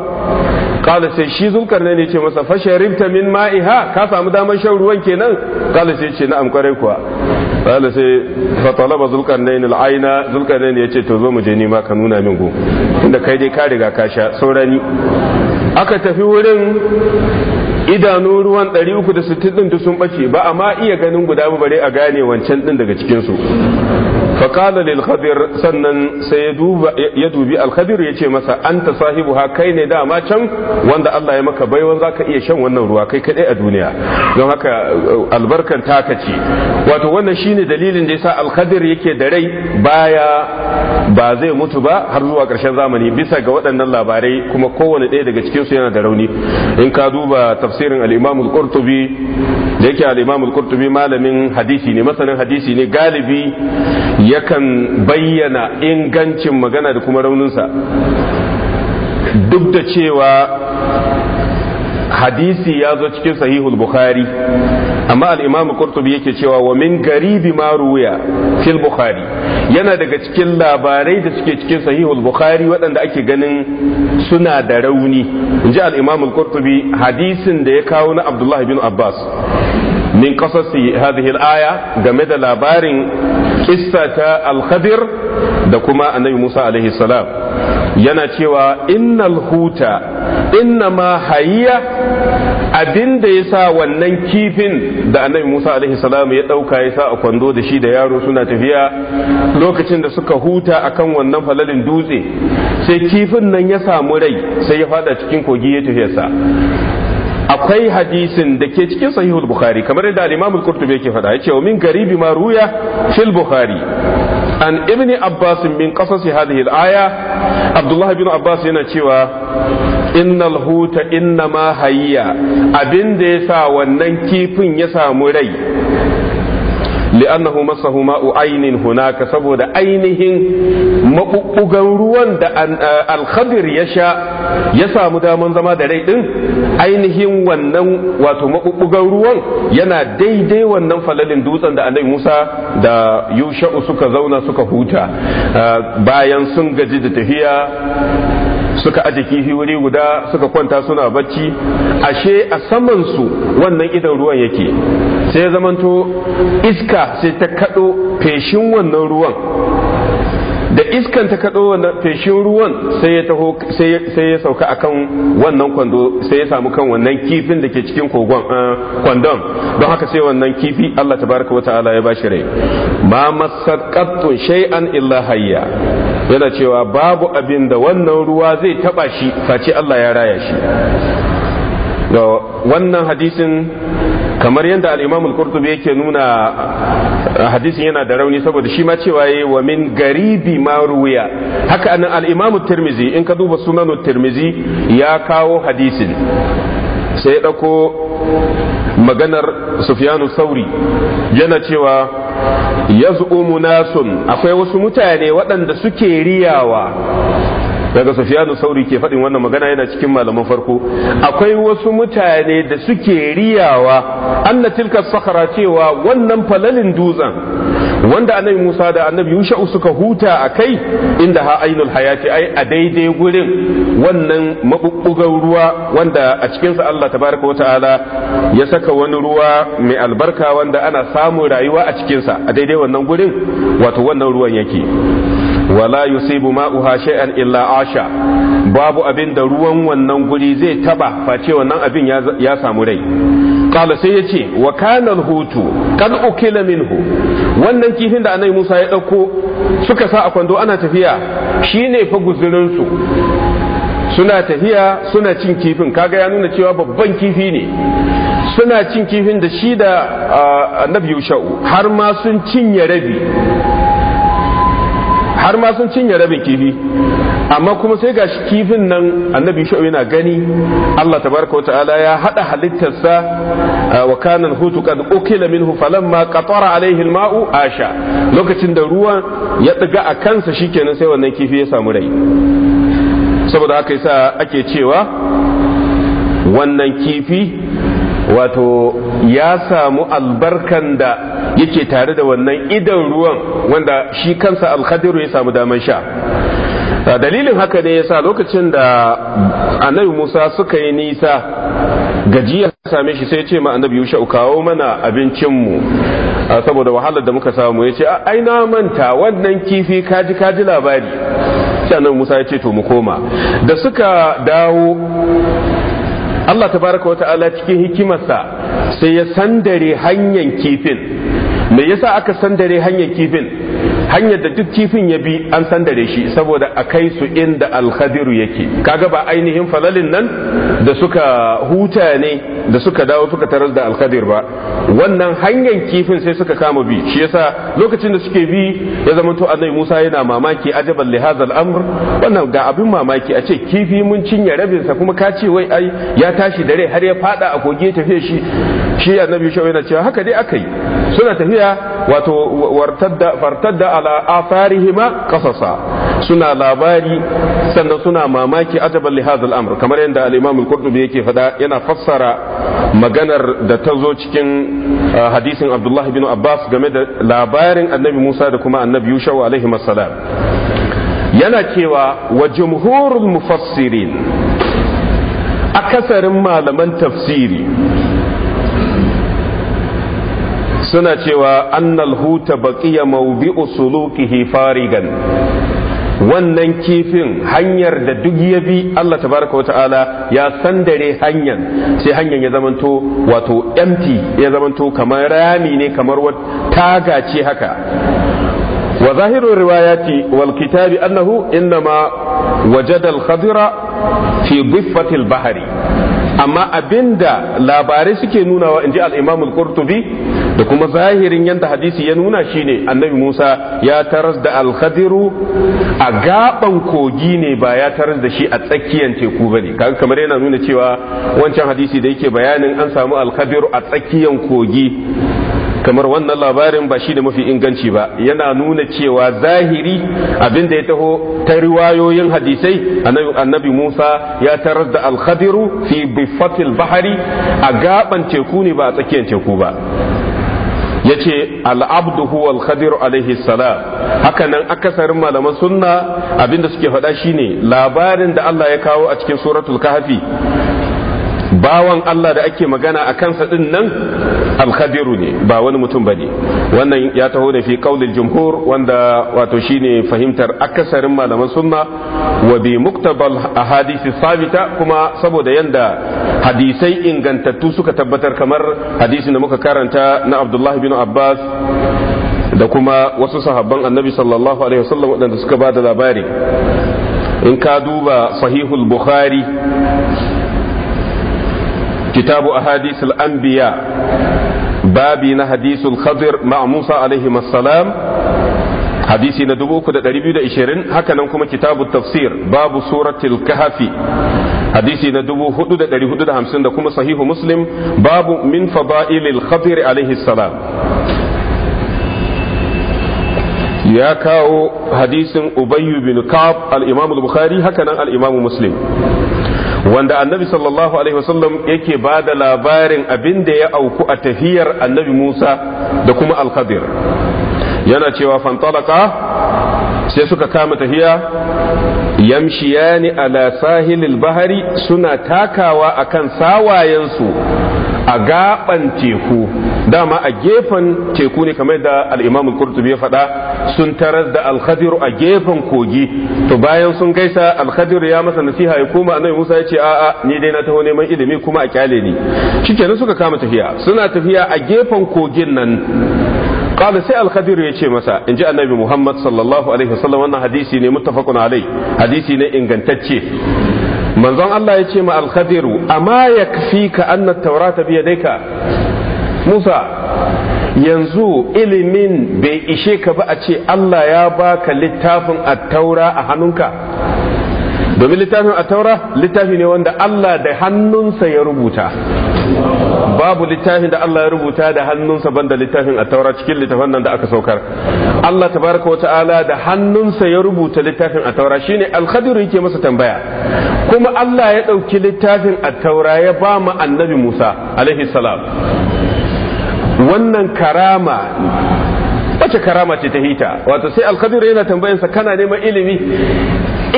kala sai shi zulkarnai ne ce masa fashe ribta min ma'iha ka samu damar shan ruwan kenan kala sai ce na'am kwarai kuwa kala sai fatola talaba zulkarnai ne la'aina zulkarnai ne ya ce to zo mu je nima ma ka nuna min go inda kai dai ka riga ka sha saurani aka tafi wurin idanu ruwan 360 din sun bace ba amma iya ganin guda bare a gane wancan din daga cikin su faƙala lil khadir sannan sai ya dubi alkhadir ya ce masa anta sahibu ha kai ne dama can wanda Allah ya maka baiwan za ka iya shan wannan ruwa kai kaɗai a duniya don haka albarkan ka ce wato wannan shine dalilin da yasa alkhadir yake da rai baya ba zai mutu ba har zuwa karshen zamani bisa ga waɗannan labarai kuma kowane ɗaya daga cikin su yana da rauni in ka duba tafsirin al-Imam al-Qurtubi da yake al-Imam al-Qurtubi malamin hadisi ne masanin hadisi ne galibi yakan bayyana ingancin magana da kuma rauninsa duk da cewa hadisi ya zo cikin sahihul bukhari amma al'imamu Qurtubi yake cewa wa min garibi ma ruya fil bukhari yana daga cikin labarai da suke cikin sahihul bukhari waɗanda ake ganin suna da rauni in ji al'imamu Qurtubi hadisin da ya kawo na abdullahi bin abbas من قصص هذه الآية aya game da labarin دكما ta موسى عليه da kuma annabi Musa إنما salam yana cewa huta ma abin da ya sa wannan kifin da annabi Musa alaihi salam ya dauka ya sa a kwando da shi da yaro suna tafiya lokacin da suka huta akan wannan falalin dutse sai kifin nan ya samu rai sai ya fada cikin kogi ya sa akwai hadisin da ke cikin sahihul bukhari kamar yadda al-imam al-qurtubi yake faɗa yace wa min garibi ma ruya fil bukhari an ibni abbas min qasas hadhihi al-aya abdullah ibn abbas yana cewa innal huta inna ma hayya abin da yasa wannan kifin ya samu rai li'annahu masahu ma'u ainin hunaka saboda ainihin mabubbugan ruwan da alkhadir ya sha ya samu daman zama da rai din ainihin wannan wato mabubbugan ruwan yana daidai wannan falalin dutsen da annabi Musa da Yusha'u suka zauna suka huta bayan sun gaji da tafiya suka aje kifi wuri guda suka kwanta suna bacci ashe a saman su wannan idan ruwan yake sai zamanto iska sai ta kado feshin wannan ruwan da iskan ta kaɗo wannan feshin ruwan sai ya taho sai ya sauka akan wannan kwando sai ya samu kan wannan kifin da ke cikin kogon eh, kwandon don haka sai wannan kifi Allah tabaraka wa ta'ala ya bashi rai ma masaqatun shay'an illa hayya yana cewa babu abin da wannan ruwa zai taba shi face Allah ya raya shi ga wannan hadisin kamar yadda alimam imam al-qurtubi yake nuna hadisin yana da rauni saboda shi ma cewa yayi wa min garibi ma ruwiya haka anan al’imam tirmizi in ka duba sunan tirmizi ya kawo hadisin sai ya maganar sufyanu sauri yana cewa mu nasun akwai wasu mutane waɗanda suke riyawa daga sufyanu sauri ke faɗin wannan magana yana cikin malaman farko akwai wasu mutane da suke riyawa na tilka cewa wannan falalin dutsen wanda annabi Musa da annabi Yusha'u suka huta a kai inda ha ainul hayati ai a daidai gurin wannan mabubbugan ruwa wanda a cikinsa Allah tabaraka wa ya saka wani ruwa mai albarka wanda ana samun rayuwa a cikinsa a daidai wannan gurin wato wannan ruwan yake wala yusibu ma'uha shay'an illa asha babu abin da ruwan wannan guri zai taba face wannan abin ya samu rai kala sai ya ce wa kana hutu ukila minhu wannan kifin da annabi Musa ya dauko suka sa a kwando ana tafiya shine fa guzurinsu suna tafiya suna cin kifin kaga ya nuna cewa babban kifi ne suna cin kifin da shi da ah, annabi sha'u har ma sun cinye rabi har ma sun cinye rabin kifi amma kuma sai ga shi kifin nan annabi shu'aib yana gani Allah tabaraka wa ta'ala ya hada halittarsa uh, wa kana hutu kad ukila minhu falamma qatara al ma'u asha lokacin da ruwan ya diga a kansa shikenan sai wannan kifi ya samu rai saboda haka yasa ake cewa wannan kifi wato ya samu albarkan da yake tare da wannan idan ruwan wanda shi kansa alkhadiru ya samu damar sha dalilin haka ne yasa lokacin da annabi musa suka yi nisa gajiya same shi sai ce ma annabi yusha kawo mana abincinmu saboda wahalar da muka samu ya ce ai na manta wannan kifi kaji kaji labari sai musa ya ce to mu koma da suka dawo Allah Ta baraka tabaraka wata'ala cikin hikimarsa sai ya sandare hanyar kifin me yasa aka sandare hanyar kifin hanyar da duk kifin ya bi an san dare shi saboda a kai su inda alkhadiru yake kaga ba ainihin falalin nan da suka huta ne da suka dawo suka tarar da alkhadir ba wannan hanyar kifin sai suka kama bi shi yasa lokacin da suke bi ya zama to annabi Musa yana mamaki ajaban li hadzal amr wannan ga abin mamaki a ce kifi mun cinye rabin sa kuma ka ce wai ai ya tashi dare har ya fada a ya tafiye shi shi annabi shawai yana cewa haka dai aka yi suna tafiya wato fartadda ala atharihima qasasa suna labari sannan suna mamaki ajaban li hadha al-amr kamar yadda al-imam al-qurtubi yake fada yana fassara maganar da ta zo cikin uh, hadisin abdullah ibn abbas game da labarin annabi musa da kuma annabi yushaw alaihi assalam yana cewa wa jumhurul mufassirin akasarin malaman tafsiri suna cewa annal huta baqiya mawdi'u suluqihi farigan wannan kifin hanyar da duk ya bi Allah tabaraka wa ta'ala ya sandare hanyar sai hanyar ya zamanto wato empty ya zamanto kamar rami ne kamar taga ce haka wa zahirun riwayati wal kitabi annahu innama wajada al-khadira fi dhiffati al-bahri amma abinda labarai suke nunawa inji al-imam al-qurtubi da kuma zahirin yadda hadisi ya nuna shine annabi Musa ya taras da alkhadiru a gaban kogi ne ba ya taras da shi a tsakiyar teku bane kaga kamar yana nuna cewa wancan hadisi da yake bayanin an samu alkhadiru a tsakiyar kogi kamar wannan labarin ba shi da mafi inganci ba yana nuna cewa zahiri abinda ya taho ta riwayoyin hadisai annabi Musa ya taras da alkhadiru fi bifatil bahari a gaban teku ne ba a tsakiyar teku ba ya ce al'abdu huwa al-khadir alaihi salam haka nan akasarin malaman sunna abinda suke faɗa shine labarin da Allah ya kawo a cikin suratul kahfi bawan Allah da ake magana a kansa din nan alkhadiru ne ba wani mutum ba ne wannan ya taho da fi qaulil jumhur wanda wato shine fahimtar akasarin malaman sunna wa bi muktabal ahadisi sabita kuma saboda yanda hadisai ingantattu suka tabbatar kamar hadisin da muka karanta na Abdullah bin Abbas da kuma wasu sahabban annabi sallallahu alaihi wasallam waɗanda suka ba da labari in ka duba sahihul bukhari kitabu ahadith al-anbiya babi na hadisul khadir ma Musa alaihi salam hadisi na 3220 haka nan kuma kitabu tafsir babu suratul kahfi hadisi na 4450 da kuma sahihu muslim babu min fada'ilil khadir alaihi ya kawo hadisin ubayyu bin ka'ab al-imam al-bukhari haka nan muslim wanda annabi sallallahu alaihi wasallam yake ba da labarin abin da ya auku a tafiyar annabi musa da kuma alkhadir yana cewa fantalaka sai suka kama tahiya yamshiyani ala sahilil bahari suna takawa akan sawayen su a gaban teku dama a gefen teku ne kamar da al-Imam al ya faɗa sun tarar da al a gefen kogi to bayan sun gaisa al ya masa nasiha ya koma annabi Musa ya ce a'a ni dai na taho neman ilimi kuma a kyale ni shikenan suka kama tafiya suna tafiya a gefen kogin nan qala sai al-khadir yace masa inji annabi muhammad sallallahu alaihi wasallam wannan hadisi ne muttafaqun alai hadisi ne ingantacce manzon Allah ya ma al-khadir amma yakfika anna at-taurata bi yadayka Musa yanzu ilimin bai ishe ka ba a ce Allah ya baka littafin at-taura a hannunka domin littafin at-taura littafi ne wanda Allah da hannunsa ya rubuta babu littafin da Allah ya rubuta da hannunsa banda littafin a taura cikin littafin nan da aka saukar Allah tabaraka wata'ala da hannunsa ya rubuta littafin a taura shine al-khadir yake masa tambaya kuma Allah ya dauki littafin a taura ya ba mu annabi Musa alaihi salam wannan karama wace karama ce ta hita wato sai alkhadir yana tambayansa kana neman ilimi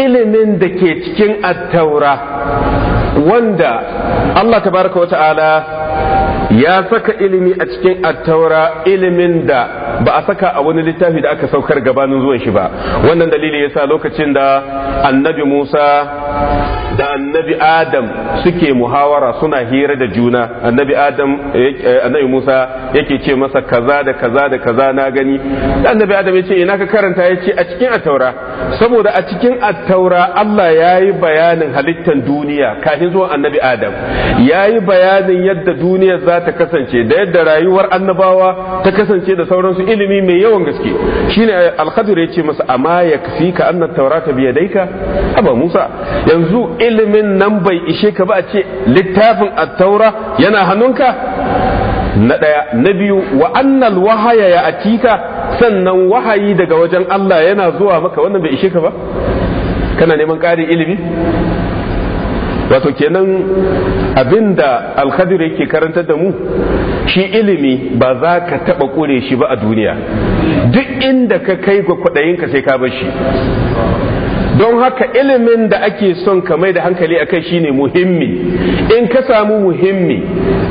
ilimin da ke cikin taura. wanda Allah tabaraka wa ta'ala ya saka ilimi a cikin attaura ilimin da ba a saka a wani littafi da aka saukar gabanin zuwan shi ba wannan dalili sa lokacin da annabi Musa da annabi Adam suke muhawara suna hira da juna annabi Adam eh, eh, annabi Musa yake ce masa kaza da kaza da kaza na gani annabi Adam ya ce ina ka karanta ya ce a cikin attaura saboda a cikin attaura Allah ya yi bayanin halittar duniya kafin zuwan annabi Adam ya yi bayanin yadda duniya za ta kasance da yadda rayuwar annabawa ta kasance da sauransu ilimi mai yawan gaske shine alkhadir ya ce masa amma ya kafi ka anna taurata biya daika haba musa yanzu ilimin nan bai ishe ka ba a ce littafin taura yana hannunka na ɗaya na biyu wa annal wahaya ya atika sannan wahayi daga wajen Allah yana zuwa maka wannan bai ishe ka ba kana neman ƙarin ilimi wato kenan abinda alkhadir yake karantar da mu shi ilimi ba za ka taba kure shi ba a duniya duk inda ka kai ga kwaɗayinka sai ka bar shi don haka ilimin da ake son ka mai da hankali a kai shine muhimmi in ka samu muhimmi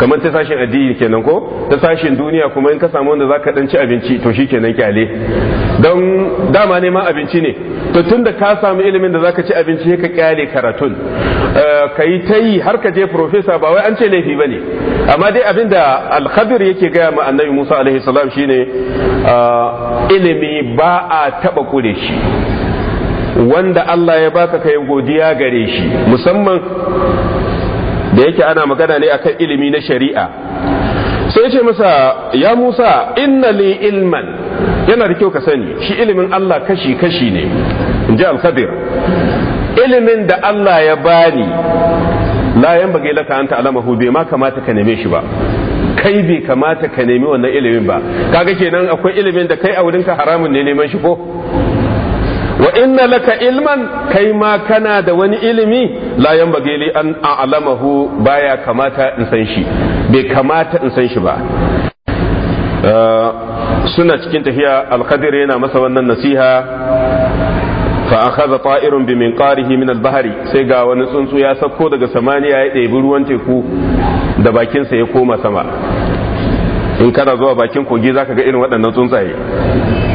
kamar ta sashen addini kenan ko ta sashen duniya kuma in ka samu wanda zaka dan ci abinci to shi kenan kyale don dama neman abinci ne to tun da ka samu ilimin da zaka ci abinci ka kyale karatun eh, ka yi ta yi har ka je profesa ba wai an ce laifi ba ne. amma dai abin da alkhadir yake gaya ma annabi musa alaihi salam shine eh, ilimi ba a taba kure shi wanda Allah ya baka kai godiya gare shi musamman da yake ana magana ne akan ilimi na shari'a sai ce masa ya musa inna li ilman yana da kyau ka sani shi ilimin Allah kashi-kashi ne in ji kabir ilimin da Allah ya bani la yan bagai laka anta alama bai ma kamata ka neme shi ba kai bai kamata ka nemi wannan ilimin ba kaga kenan akwai ilimin da kai a wurinka haramun ne neman shi ko wa inna laka ilman kai ma kana da wani ilimi la yan li an a'lamahu baya kamata in san shi bai kamata in san shi ba uh, suna cikin tafiya alqadir yana masa wannan nasiha fa akhadha ta'irun bi minqarihi min al-bahri sai ga wani tsuntsu ya sako daga samaniya ya ɗebi ruwan teku da bakinsa ya koma sama in kana zuwa bakin kogi zaka ga irin waɗannan tsuntsaye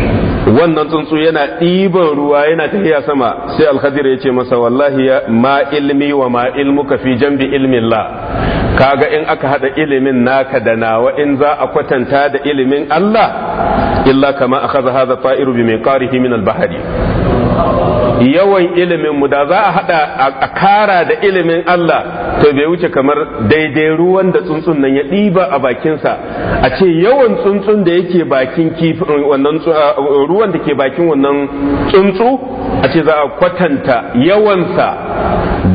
wannan tsuntsu yana ɗiban ruwa yana tafiya sama sai alhadir ya ce masa wallahi ma ilmi wa ma ilmuka fi jambi ilmin la kaga in aka hada ilimin naka da nawa in za a kwatanta da ilimin Allah illa kama akhadha hadha ta'iru bi miqarihi min al-bahri yawan ilimin mu da za a hada a kara da ilimin Allah to bai wuce kamar daidai ruwan da tsuntsun nan ya ɗiba a bakinsa a ce yawan tsuntsun da yake bakin kifin wannan ruwan da ke bakin wannan tsuntsu a ce za a kwatanta yawansa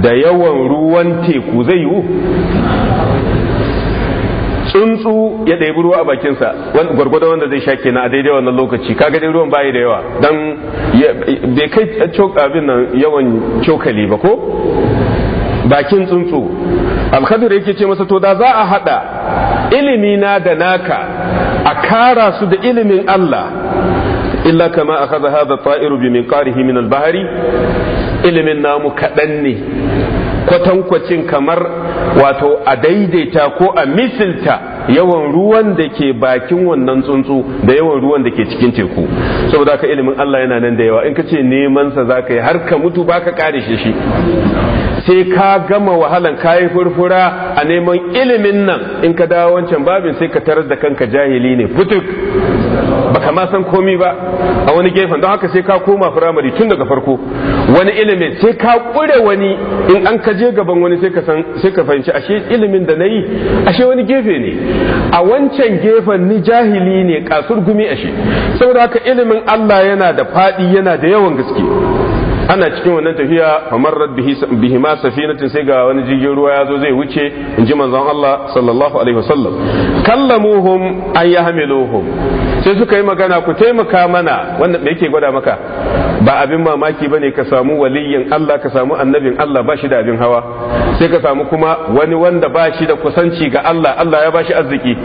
da yawan ruwan teku zai yiwu tsuntsu ya ɗebi ruwa a bakinsa gwargwado wanda zai sha kenan a daidai wannan lokaci kaga dai ruwan bayi da yawa dan bai kai abin nan yawan cokali ba ko bakin tsuntsu alkhadir yake ce masa to da za a hada ilimi na da naka a kara su da ilimin Allah illa kama a haza ta'iru bi minqarihi min al-bahri ilimin namu kaɗan ne kwatankwacin kamar wato a daidaita ko a misilta yawan ruwan da ke bakin wannan tsuntsu da yawan ruwan da ke cikin teku saboda ka ilimin Allah yana nan da yawa in ka ce neman sa zaka yi har ka mutu baka kare shi sai ka gama wahalan kayi furfura a neman ilimin nan in ka dawo wancan babin sai ka tarar da kanka jahili ne futuk baka ma san komi ba a wani gefen don haka sai ka koma firamari tun daga farko wani ilimi sai ka kure wani in an ka je gaban wani sai ka fahimci ashe ilimin da na yi ashe wani gefe ne a wancan gefen ni jahili ne kasur gumi ashe saboda haka ilimin Allah yana da fadi yana da yawan gaske ana cikin wannan tafiya kamar bihi ma safinatin sai ga wani jirgin ruwa ya zo zai wuce in ji manzon Allah sallallahu alaihi wasallam kallamuhum an yahmiluhum sai suka yi magana ku taimaka mana wannan me yake gwada maka ba abin mamaki bane ka samu waliyin Allah ka samu annabin Allah ba shi da abin hawa sai ka samu kuma wani wanda ba shi da kusanci ga Allah Allah ya ba shi arziki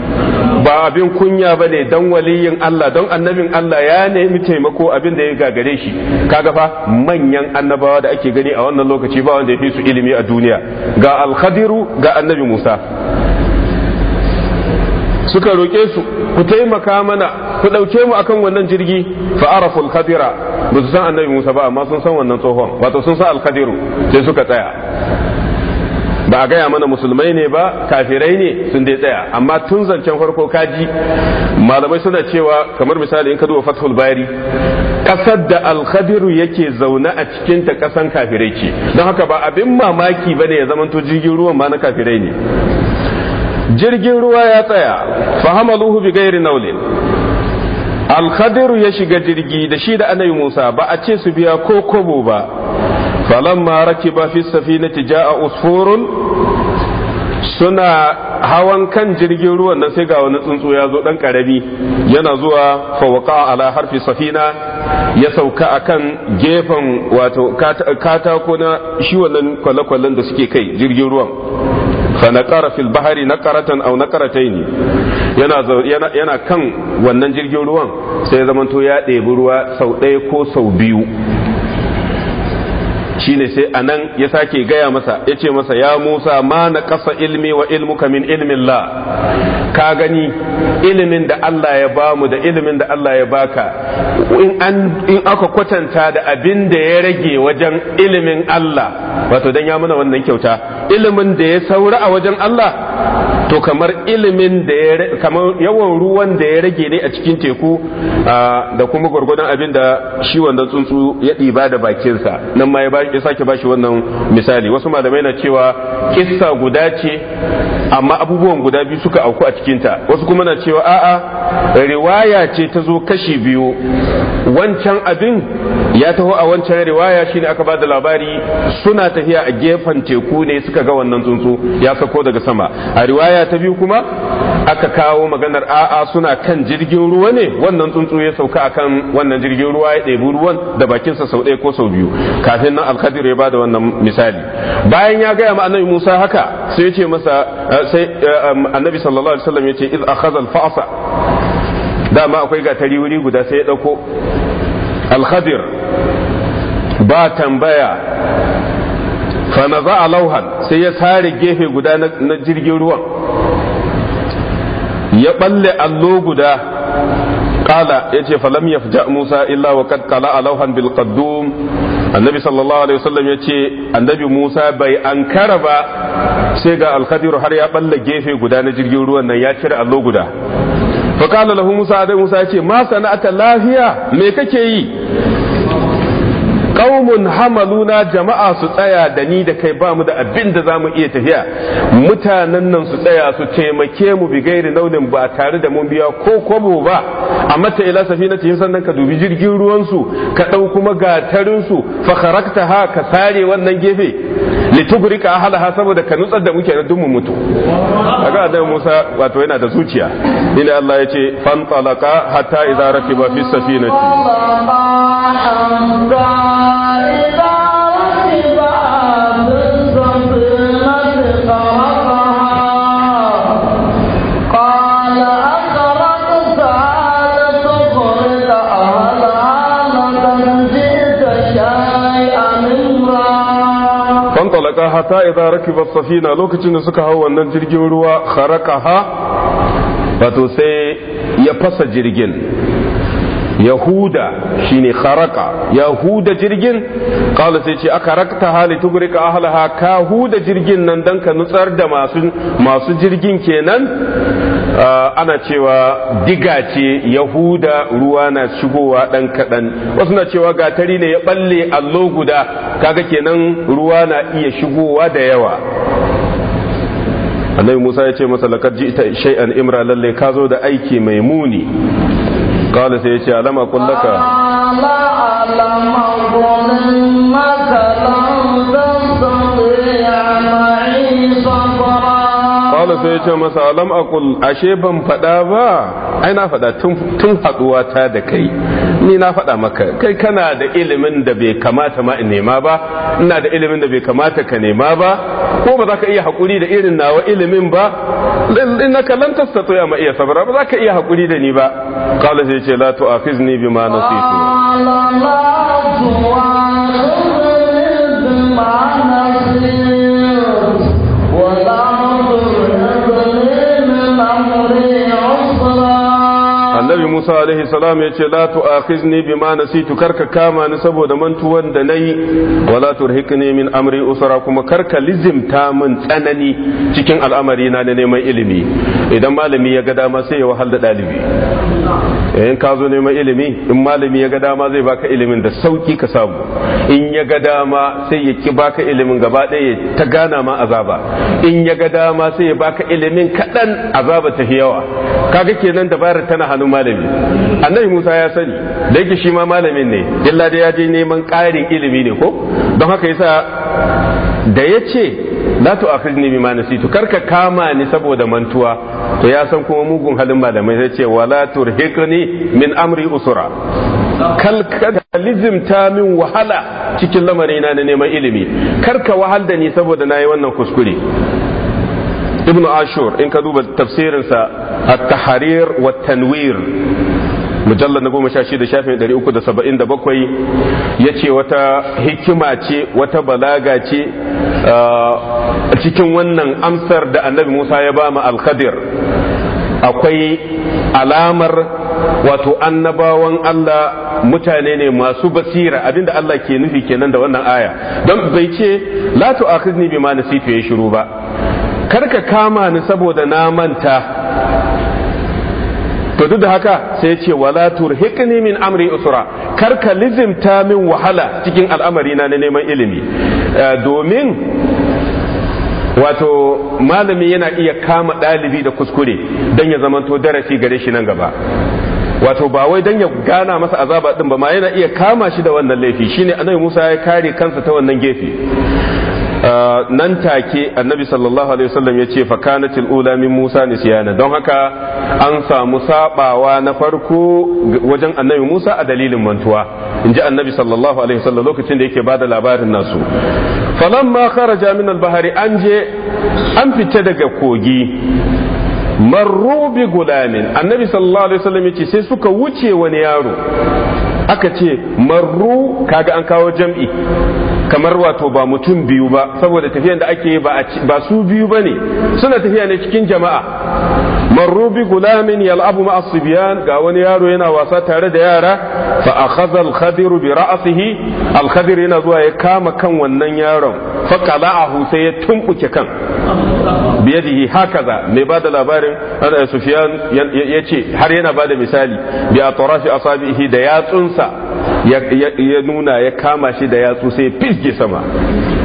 ba abin kunya bane dan waliyin Allah dan annabin Allah ya nemi taimako abin da ya gagare shi kaga fa manya manyan annabawa da ake gani a wannan lokaci ba wanda ya fi su ilimi a duniya ga alkhadiru ga annabi musa suka roƙe su ku taimaka mana ku ɗauke mu akan wannan jirgi fa arafu alkhadira ba san annabi musa ba amma sun san wannan tsohon wato sun san alkhadiru sai suka tsaya ba a gaya mana musulmai ne ba kafirai ne sun dai tsaya amma tun zancen farko kaji malamai suna cewa kamar misali in ka duba fathul bari kasar da alkhadiru yake zaune a cikin ta kasan kafirai ce don haka ba abin mamaki ne ya zamanto jirgin ruwan ma na kafirai ne jirgin ruwa ya tsaya fahamaluhu bi gairi naulin alkhadiru ya shiga jirgi da shi da anayi musa ba a ce su biya ko kobo ba falamma rakiba fi safinati ja'a usfurun suna hawan kan jirgin ruwan na sai ga wani tsuntsu ya zo dan karami yana zuwa fawqa ala harfi safina ya sauka akan gefen wato katako na shi wannan kwale-kwalen da suke kai jirgin ruwan فنقر في البحر نقرة أو نقرتين yana yana kan wannan jirgin ruwan sai zamanto ya ɗebi ruwa sau ɗaya ko sau biyu shine sai anan ya sake gaya masa ya ce masa ya musa ma na kasa ilmi wa ilmuka min ilmin la ka gani ilimin da Allah ya bamu da ilimin da Allah ya baka in aka kwatanta da abin da ya rage wajen ilimin Allah wato dan ya muna wannan kyauta ilimin da ya saura a wajen Allah to kamar ilimin da ya kamar yawan ruwan da ya rage ne a cikin teku da kuma gwargwadon abin da shi wannan tsuntsu ya ɗiba da bakinsa nan ma ya sake shi wannan misali wasu malamai na cewa kissa guda ce amma abubuwan guda biyu suka auku a cikin ta wasu kuma na cewa a'a riwaya ce ta zo kashi biyu wancan abin ya taho a wancan riwaya shine aka ba da labari suna tafiya a gefen teku ne suka ka ga wannan tsuntsu ya sako daga sama a riwaya ta biyu kuma aka kawo maganar a'a suna kan jirgin ruwa ne wannan tsuntsu ya sauka akan wannan jirgin ruwa ya ɗebi ruwan da bakinsa sau ɗaya ko sau biyu kafin nan alkadir ya ba wannan misali bayan ya gaya ma annabi musa haka sai yace ce masa eh, sai eh, um, annabi sallallahu alaihi wasallam ya ce iz akhadha al dama akwai gatari wuri guda sai ya dauko al ba tambaya fana za a lauhan sai ya sare gefe guda na jirgin ruwan ya balle allo guda kala ya ce falam ya fi musa illa wa kala a lauhan bil annabi sallallahu alaihi wasallam ya ce annabi musa bai ankara ba sai ga alkadiru har ya balle gefe guda na jirgin ruwan nan ya cire allo guda fa kala lahu musa dai musa ya ce ma sana'ata lafiya me kake yi qaumun hamaluna jama'a su tsaya da ni da kai ba mu da abin da zamu iya tafiya mutanen nan su tsaya su taimake mu bi gairi naunin ba tare da mun biya ko kwabo ba a ta ila san sannan ka dubi jirgin ruwansu su ka dau kuma gatarinsu su fa kharaktaha ka sare wannan gefe litugrika ahalaha saboda ka nutsar da muke duk mu mutu kaga da Musa wato yana da zuciya ina Allah ya ce fan talaka hatta idza ba fi safinati hatta idza rakiba safina lokacin da suka hau wannan jirgin ruwa kharaqaha wato sai ya fasa jirgin yahuda shine kharaka yahuda jirgin qala sai ce aka rakta hali tugrika ahlaha ka huda jirgin nan dan ka nutsar da masu masu jirgin kenan ah, ana cewa diga ce yahuda ruwa na shigowa dan kadan wasu na cewa gatari ne ya balle allo guda kaga kenan ruwa na iya shigowa da yawa annabi Musa ya ce masa laqad ji'ta shay'an imra lalle ka zo da aiki mai muni قال سيتي ألم أقول لك ألم أقول kala sai ya ce masa alam aqul ashe ban faɗa ba ai na faɗa tun haɗuwa ta da kai ni na faɗa maka kai kana da ilimin da bai kamata ma in nema ba ina da ilimin da bai kamata ka nema ba ko ba za ka iya haƙuri da irin nawa ilimin ba innaka lan ya ma iya sabra ba za ka iya haƙuri da ni ba qala sai ya ce la tu'afizni bima nasitu Musa alaihi salam ya ce la tu'akhizni bima nasitu karka kama ni saboda mantuwan da nayi wala turhiqni min amri usra kuma karka lizimta min tsanani cikin al'amari na neman ilimi idan malami ya ga dama sai ya wahal da dalibi eh, in ka zo neman ilimi in malami ya ga dama zai baka ilimin da sauki ka samu in ya ga dama sai ya ki baka ilimin gaba ɗaya ta gana ma azaba in ya ga dama sai ya baka ilimin kaɗan azaba ta yawa kaga kenan dabarar tana hannun malami annabi Musa ya sani da yake shi ma malamin ne illa da ya je neman ƙarin ilimi ne ko don haka yasa da ya ce la tu akhrijni bima nasitu karka kama ni saboda mantuwa to ya san kuma mugun halin malamai zai ce wala turhiqni min amri usura ta min wahala cikin lamarina na neman ilimi karka wahal da ni saboda nayi wannan kuskure ibn ashur in ka duba tafsirinsa a tahrir wa tanwir mujallar na goma sha shida shafin ɗari uku da saba'in da bakwai ya ce wata hikima ce wata balaga ce ah, cikin wannan amsar da annabi musa ya ba ma alkhadir akwai alamar wato annabawan allah mutane ne masu basira abinda allah ke nufi kenan da wannan aya don bai ce la bi ma nasitu ya shiru ba karka kama ni saboda na manta to duk da haka sai ya ce wala turhiqni min amri usra karka lizimta min wahala cikin al'amari na neman ilimi eh, domin wato malami yana iya kama ɗalibi da kuskure don ya zamanto darasi gare shi nan gaba wato ba wai don ya gana masa azaba din ba ma yana iya kama shi da wannan laifi shine annabi Musa ya kare kansa ta wannan gefe nan take annabi sallallahu alaihi wasallam ya ce fakanatil ula min musa nisyana don haka an samu sabawa na farko wajen annabi musa a dalilin mantuwa inji annabi sallallahu alaihi wasallam lokacin da yake bada labarin nasu falamma kharaja min al-bahari an je an fita daga kogi marru bi gulamin annabi sallallahu alaihi wasallam yace sai suka wuce wani yaro aka ce marru kaga an kawo jam'i kamar wato ba mutum biyu ba saboda tafiyan da ake ba su biyu ba ne suna tafiya ne cikin jama'a marubi gulamin yal'abu ma asibiyan ga wani yaro yana wasa tare da yara fa akhadha al-khadir bi ra'sihi al-khadir yana zuwa ya kama kan wannan yaron fa qala'ahu sai ya tumbuke kan biyadihi hakaza mai bada labarin Sufyan yace har yana bada misali bi atrafi asabihi da yatsunsa ya nuna ya kama shi da yatsu sai fisge sama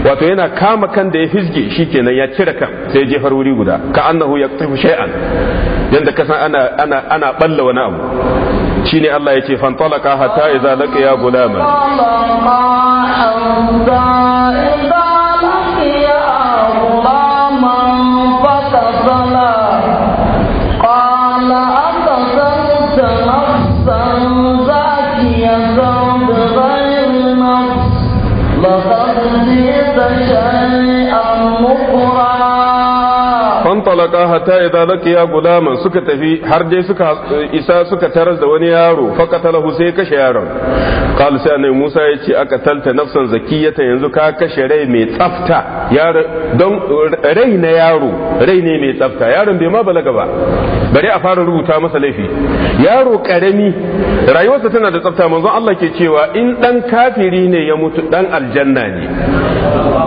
wato yana kama kan da ya fisge shikenan ya cire kan sai jefar wuri guda ka annahu yaqtifu shay'an yanda kasan ana ana ana balla wani abu shine Allah ya ce fantalaka hatta idza laqiya gulaman fantalaka hatta idza laqiya gulaman suka tafi har dai suka isa suka taras da wani yaro faqatalahu sai kashe yaron qala sai annabi Musa ya ce aka talta nafsan zakiyata yanzu ka kashe rai mai tsafta yaron don rai na yaro rai ne mai tsafta yaron bai ma balaga ba bari a fara rubuta masa laifi yaro karami rayuwarsa tana da tsafta manzon Allah ke cewa in dan kafiri ne ya mutu dan aljanna ne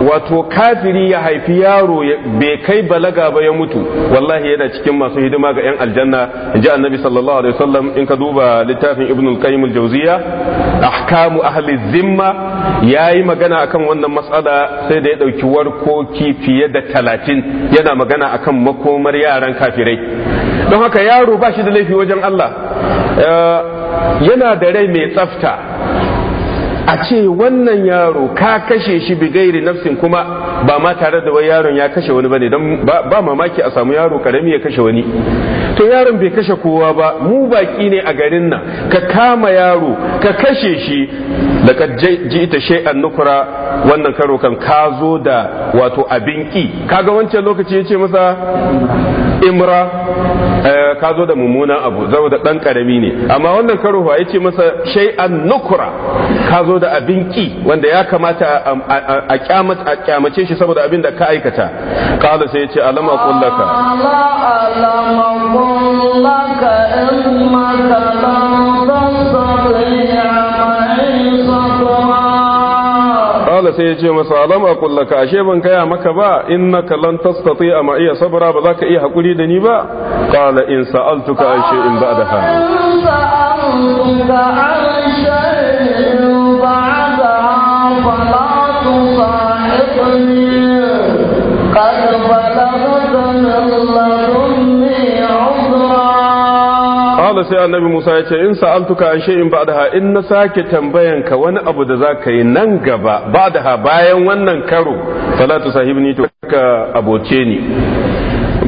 wato kafiri ya haifi yaro bai kai balaga ba ya mutu mutu wallahi yana cikin masu hidima ga yan aljanna inji annabi sallallahu alaihi wasallam in ka duba littafin ibn al-qayyim al-jawziya ahkamu ahli zimma yayi magana akan wannan matsala sai da ya dauki warkoki fiye da talatin yana magana akan makomar yaran kafirai don haka yaro ba shi da laifi wajen Allah eh, yana da rai mai tsafta a ce wannan yaro ka kashe shi bigairi nafsin kuma ba ma tare da wai yaron ya kashe wani bane don ba mamaki a samu yaro karami ya kashe wani to yaron bai kashe kowa ba mu baki ne a garin nan ka kama yaro ka kashe shi daga ita shay'an nukura wannan karo kan ka zo da wato abin ki kaga wancan lokaci ya ce masa imra eh, ka zo da mummunan abu saboda dan karami ne amma wannan karo ya ce masa shai'an nukura ka zo da abin ki wanda ya kamata a kyamace shi saboda abin da ka aikata kala sai ya ce alama kullaka alama kullaka in makalan qala sai ya ce masa alam aqul laka ashe ban kaya maka ba innaka lan tastati ma iya sabra ba zaka iya hakuri da ni ba qala in sa'altuka an shay'in ba'daha sai annabi Musa ya ce in sa'altuka an shay'in ba'daha in na sake tambayan ka wani abu da zaka yi nan gaba ba ba'daha bayan wannan karo salatu sahibni to ka aboce ni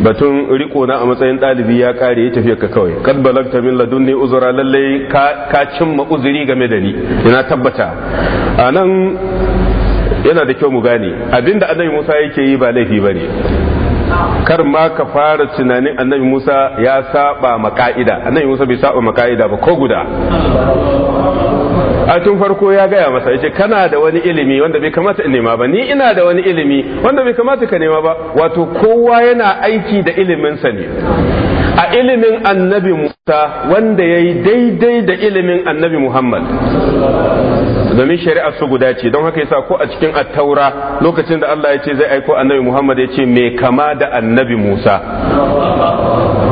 batun riko na a matsayin dalibi ya kare ya tafiya ka kawai kad balagta min ladunni uzra lalle ka ka cimma uzuri game da ni ina tabbata anan yana da kyau mu gane abinda annabi Musa yake yi ba laifi bane kar ma ka fara tunanin annabi musa ya saba maka'ida. annabi musa bai saba maka'ida ba ko guda a tun farko ya gaya masa ya ce kana da wani ilimi wanda bai kamata in nema ba ni ina da wani ilimi wanda bai kamata ka nema ba wato kowa yana aiki da iliminsa ne a ilimin annabi musa wanda ya yi daidai da ilimin annabi muhammad domin shari'ar su guda ce don haka yasa ko a cikin attaura lokacin da Allah ya ce zai aiko annabi Muhammad ya ce mai kama da annabi Musa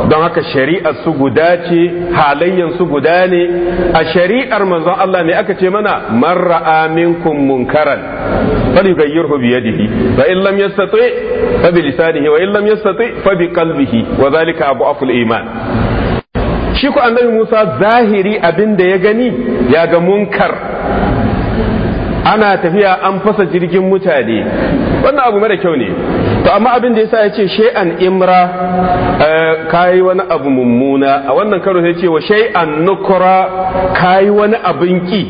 don haka shari'ar su guda ce halayyan su guda ne a shari'ar manzon Allah ne aka ce mana man ra'a minkum munkaran fal yughayyirhu bi yadihi fa in lam yastati fa bi lisanihi wa in lam yastati fa bi qalbihi wa iman shi ku annabi Musa zahiri abin da ya gani ya ga munkar ana tafiya an fasa jirgin mutane wannan abu mara kyau ne to amma abin da yasa yace shay'an imra eh, kai wani abu mummuna a wannan karo sai ce wa shay'an nukra kai wani abin ki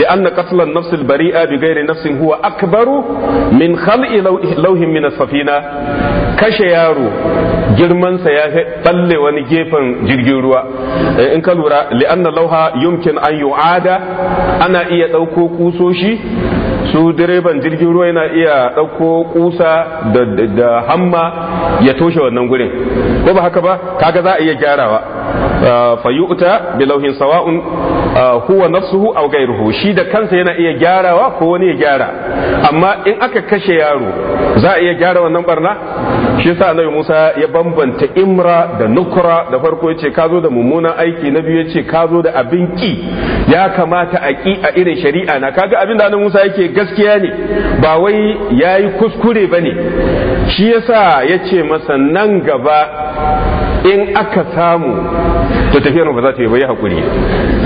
li'anna qatlan nafs al-bari'a bi ghairi nafsin huwa akbaru min khal'i lawhin min as-safina kashe yaro girman sa ya balle wani gefen jirgin ruwa eh, in ka lura li'anna lauha yumkin an yu'ada ana iya ɗauko kusoshi su direban jirgin ruwa yana iya ɗauko kusa da hamma ya toshe wannan gurin ko ba haka ba kaga za a iya gyarawa ah, bi bilauhin sawa'un huwa nafsuhu aw ghayruhu shi da kansa yana iya gyarawa ko wani ya gyara amma in aka kashe yaro za a iya gyara wannan barna shi yasa annabi Musa ya bambanta imra da nukra da farko yace ka zo da mummunan aiki na biyu yace ka zo da abin ki ya kamata a ki a irin shari'a na kaga abin da annabi Musa yake gaskiya ne ba wai yayi kuskure bane shi yasa yace masa nan gaba in aka samu to tafiyar ba za ta yi ba ya hakuri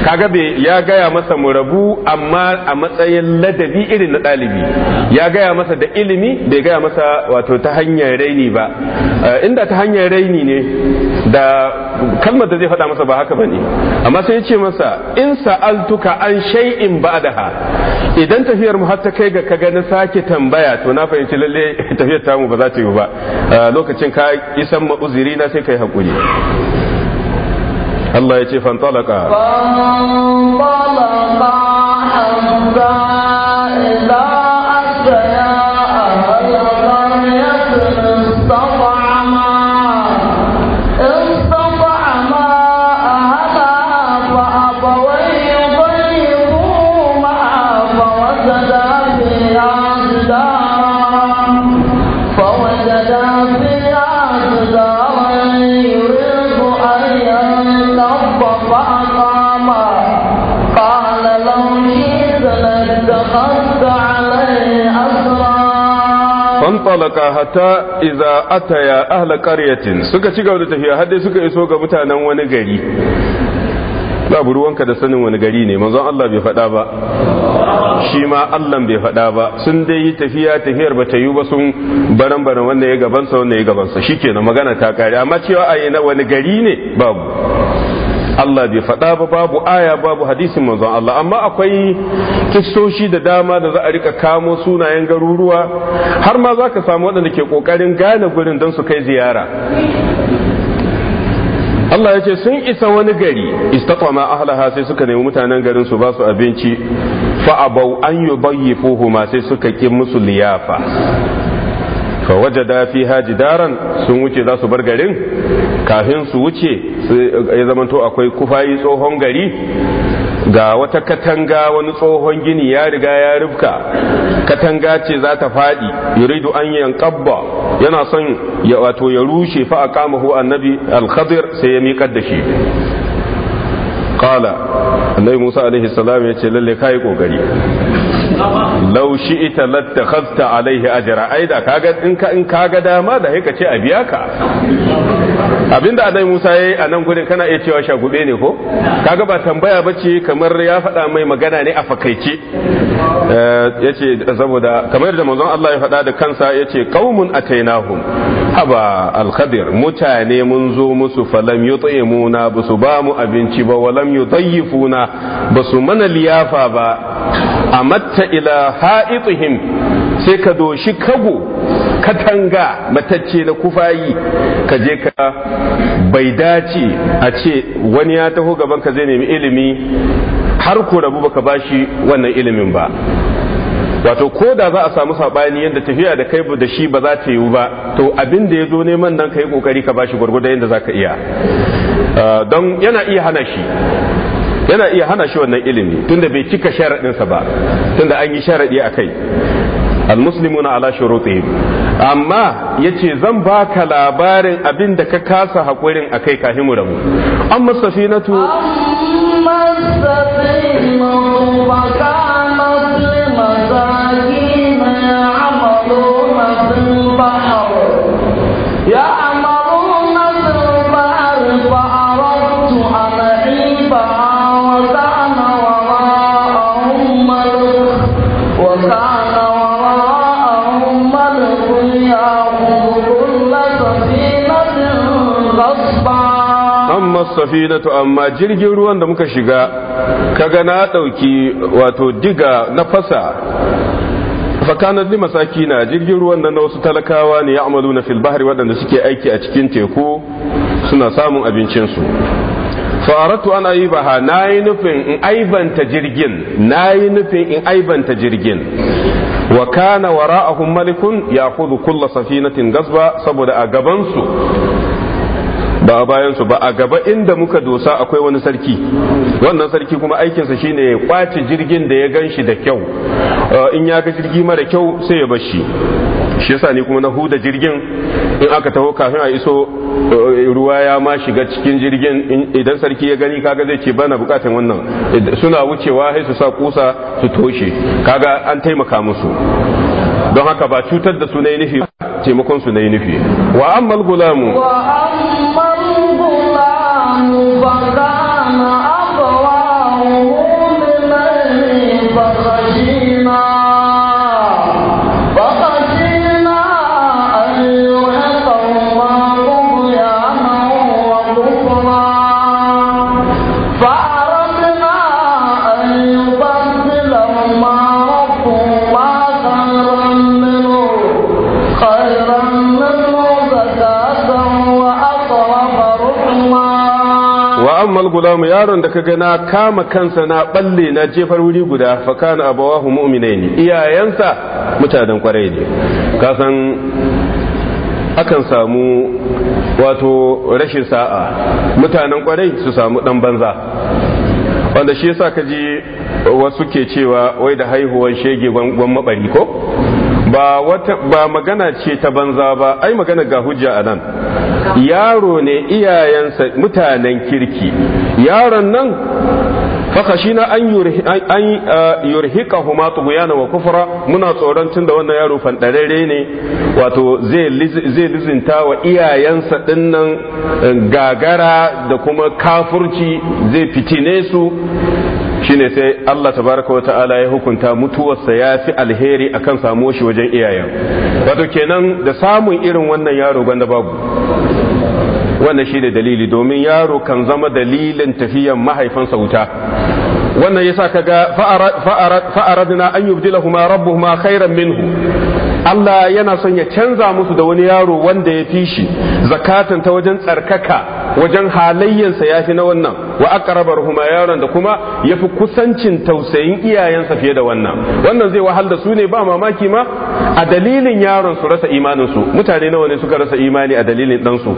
kaga bai ya gaya masa mu rabu amma a matsayin ladabi irin na ɗalibi ya gaya masa da ilimi bai gaya masa wato ta hanyar raini ba eh, inda ta hanyar raini ne da kalmar da zai faɗa masa ba haka ba ne amma sai ya ce masa in sa'altuka an shay'in ba'daha idan tafiyar mu har ta kai ga kaga na sake tambaya to na fahimci lalle tafiyar tamu ba za ta yi ba eh, lokacin ka isan ma'uziri na sai ka yi hakuri Allah ya ce fantalaka fantalaka hatta fantalaka hatta idza ataya ahla qaryatin suka ci gaba da tafiya har dai suka iso ga mutanen wani gari babu ruwanka da sanin wani gari ne manzon Allah bai faɗa ba shi ma Allah bai faɗa ba sun dai yi tafiya tafiyar ba ta yi ba sun baran baran wanda ya gabansa wanda ya gabansa shikenan magana ta kare amma cewa a wani gari ne babu Allah bai faɗa ba babu aya babu hadisin manzon Allah amma akwai kistoshi da dama da za a rika kamo sunayen garuruwa har ma za ka samu waɗanda ke ƙoƙarin gane gurin don su kai ziyara Allah ya ce sun isa wani gari ma ahlaha sai suka nemi mutanen garin su ba su abinci fa abau an ma sai suka ki musu liyafa fa wajada fi haji daran sun wuce za su bar garin kafin su wuce ya zamanto akwai kufayi tsohon gari ga wata katanga wani tsohon gini ya riga ya rufka katanga ce za ta faɗi yuridu an yankabba yana son ya wato ya rushe fa a kamahu annabi al-khadir sai ya miƙar da shi qala annabi musa alaihi salam ya ce lalle kai kokari law shi'ita lattakhadta alaihi ajra aida kaga in ka in kaga dama da haika ce a biya ka abinda adai Musa yayi a nan gurin kana iya cewa shagube ne ko kaga ba tambaya bace kamar ya faɗa mai magana ne a fakaice eh, yace saboda kamar da manzon Allah ya faɗa da kansa yace qaumun atainahum ba alkhadir mutane mun zo musu falam yut'imuna ba su ba mu abinci ba walam yudayyifuna ba mana liyafa ba amatta ila ha'itihim sai ka doshi kago katanga matacce na kufayi ka je ka bai dace a ce wani ya taho gaban ka zai nemi ilimi har ku rabu baka bashi wannan ilimin ba wato ko da za a samu sabani yadda tafiya da kai da shi ba za ta yiwu ba to abin da ya zo neman nan ka yi kokari ka bashi gwargwadon yadda za ka iya uh, don yana iya hana shi yana iya hana shi wannan ilimi tunda bai cika sharaɗinsa ba tunda an yi sharaɗi a kai almuslimuna ala shurutihim amma yace zan baka labarin abin da ka kasa hakurin akai ka mu rabu amma safinatu amma safinatu safinatu amma jirgin ruwan da muka shiga kaga na dauki wato diga na fasa fakanat li masakina jirgin ruwan nan na wasu talakawa ne ya'maluna fil bahri waɗanda suke aiki a cikin teku suna samun abincin su fa'aratu an aibaha na yi nufin in aibanta jirgin na yi nufin in aibanta jirgin wa kana wara'ahum malikun ya kudu kulla safinatin gasba saboda a gabansu ba a bayansu ba a gaba inda muka dosa akwai wani sarki wannan sarki kuma aikinsa shine ya kwace jirgin da ya gan shi da kyau uh, in ya ga jirgi mara kyau sai ya bashi shi yasa ni kuma na huda jirgin in aka taho kafin a iso uh, ruwa ya ma shiga cikin jirgin idan sarki ya gani kaga zai ce bana bukatan wannan suna wucewa sai su sa kusa su toshe kaga an taimaka musu don haka ba cutar da su na yi nufi taimakon su na nufi wa ammal gulamu amal gulam yaron da kaga na kama kansa na balle na jefar wuri guda fa kana abawahu mu'minain iyayensa mutanen kwarai ne ka san akan samu wato rashin sa'a mutanen kwarai su samu dan banza wanda shi yasa kaji wasu ke cewa wai da haihuwar shege gwan mabari ko ba ba magana ce ta banza ba ai magana ga hujja a nan. yaro ne iyayensa mutanen kirki yaron nan fakashina an yurhika huma tuguyana wa kufura muna tsoron tunda wannan yaro fandarere ne wato zai lizinta wa iyayensa dinnan eh, gagara da kuma kafurci zai fitine su shine sai Allah tabaraka wa ta'ala ya hukunta mutuwarsa ya fi alheri akan samuwa shi wajen iyayen wato kenan da samun irin wannan yaro gwanda babu wannan shi ne dalili domin yaro kan zama dalilin tafiyan mahaifansa wuta wannan yasa ga fa'aradna an yubdilahuma rabbuhuma khairan minhu Allah yana son ya canza musu da wani yaro wanda ya fi shi zakatan ta wajen tsarkaka wajen halayyansa ya fi na wannan wa aqrabar huma yaron da kuma ya fi kusancin tausayin iyayensa fiye da wannan wannan zai wahal da su ne ba mamaki ma a dalilin yaron su rasa imanin su mutane nawa ne suka rasa imani a dalilin dan su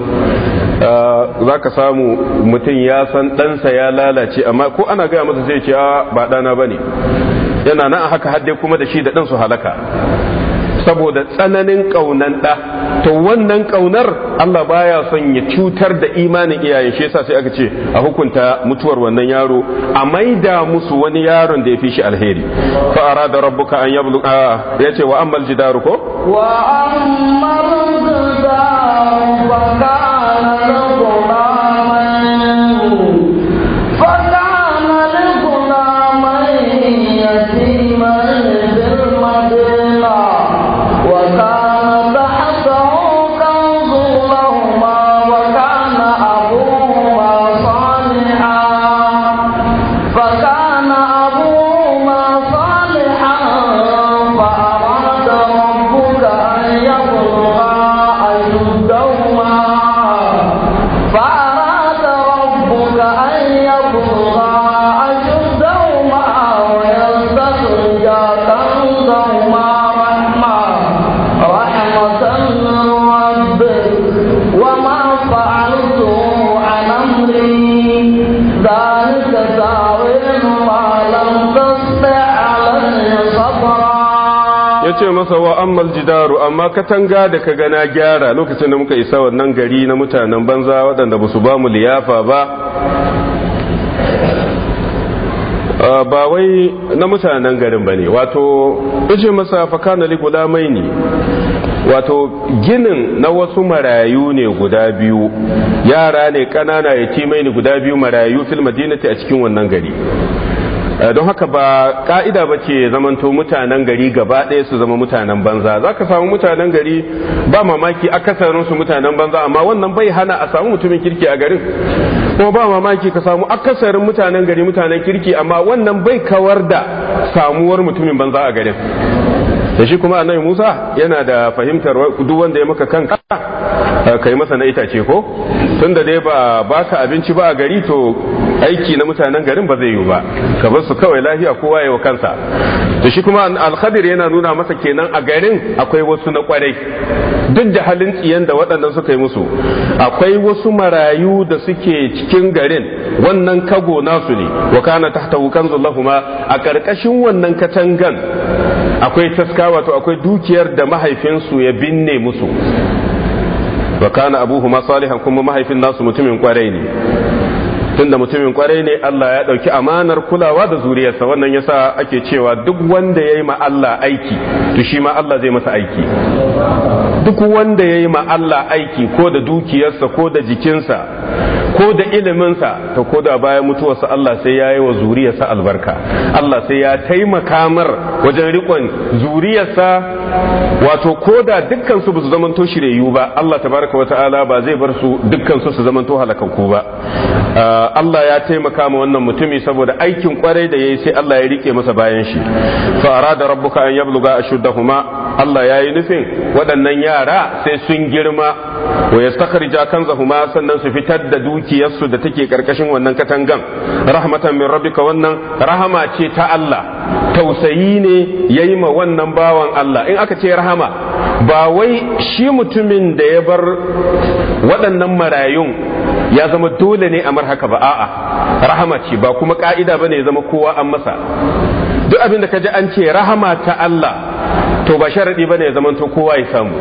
ah, za ka samu mutum ya san ɗansa ya lalace amma ko ana gaya masa zai ce ah, ba ɗana ba ne yana nan haka haddai kuma da shi da ɗansu halaka saboda tsananin ƙaunan ɗa to wannan ƙaunar Allah baya son ya cutar da imanin iyaye. shi yasa sai aka ce a hukunta mutuwar wannan yaro a maida musu wani yaron da ya fi shi alheri fa arada rabbuka an yablu yace wa ammal jidaru ko wa ammal jidaru katanga da ka gana gyara lokacin da muka isa wannan gari na mutanen banza waɗanda ba su ba mu liyafa ba ba wai na mutanen garin ba ne wato ije masa na likula mai ne wato ginin na wasu marayu ne guda biyu yara ne ƙanana ya timai ne guda biyu marayu fil madinati a cikin wannan gari Eh, don haka ba ka'ida ba ce zamanto mutanen gari gaba ɗaya su zama mutanen banza za ka samu mutanen gari ba mamaki akasarin su mutanen banza amma wannan bai hana a samu mutumin kirki a garin kuma ba mamaki ka samu akasarin mutanen gari mutanen kirki amma wannan bai kawar da samuwar mutumin banza a garin da shi kuma annabi Musa yana da fahimtar duk wanda ya maka kanka Ah, kai masa na itace ko tun da dai ba ka abinci ba a gari to aiki na mutanen garin ba zai yi ba ka bar su kawai lafiya kowa ya wa kansa to shi kuma alkhadir yana nuna masa kenan a garin akwai wasu na kwarai duk da halin tsiyan da waɗannan suka yi musu akwai wasu marayu da suke cikin garin wannan kago nasu ne wa kana tahtahu kanzullahuma a karkashin wannan katangan akwai taskawa to akwai dukiyar da mahaifinsu ya binne musu wa kana abuhuma salihan kuma mahaifin nasu mutumin kwarai ne tunda mutumin kwarai ne Allah ya ɗauki amanar kulawa da zuriyarsa wannan yasa ake cewa duk wanda yayi yi ma Allah aiki to shi ma Allah zai masa aiki duk wanda yayi ma Allah aiki ko da dukiyarsa ko da jikinsa ko da iliminsa to ko da bayan mutuwarsa Allah sai ya yi wa zuriyarsa albarka Allah sai ya taimaka mar wajen rikon zuriyarsa wato ko da dukkan su bazu zamanto shirayu ba Allah tabaraka wa ta'ala ba zai bar su dukkan su su zamanto halakanku ba ah, Allah ya taimaka ma wannan mutumi saboda aikin kwarai da yayi sai Allah ya rike masa bayan shi fa arada rabbuka an yabluga ashuddahuma Allah ya yi nufin waɗannan yara sai sun girma wa yastakhrija kanzahuma sannan su fitar da dukiyarsu da take karkashin wannan katangan rahmatan min rabbika wannan rahama ce ta Allah tausayi ne yayi ma wannan bawan Allah in aka ce rahama ba wai shi mutumin da ya bar waɗannan marayun ya zama dole ne amar haka ba a'a rahama ce ba kuma ka'ida bane ya zama kowa an masa duk abin da ka ji an ce rahama ta Allah to ba sharadi bane ya zama to kowa ya samu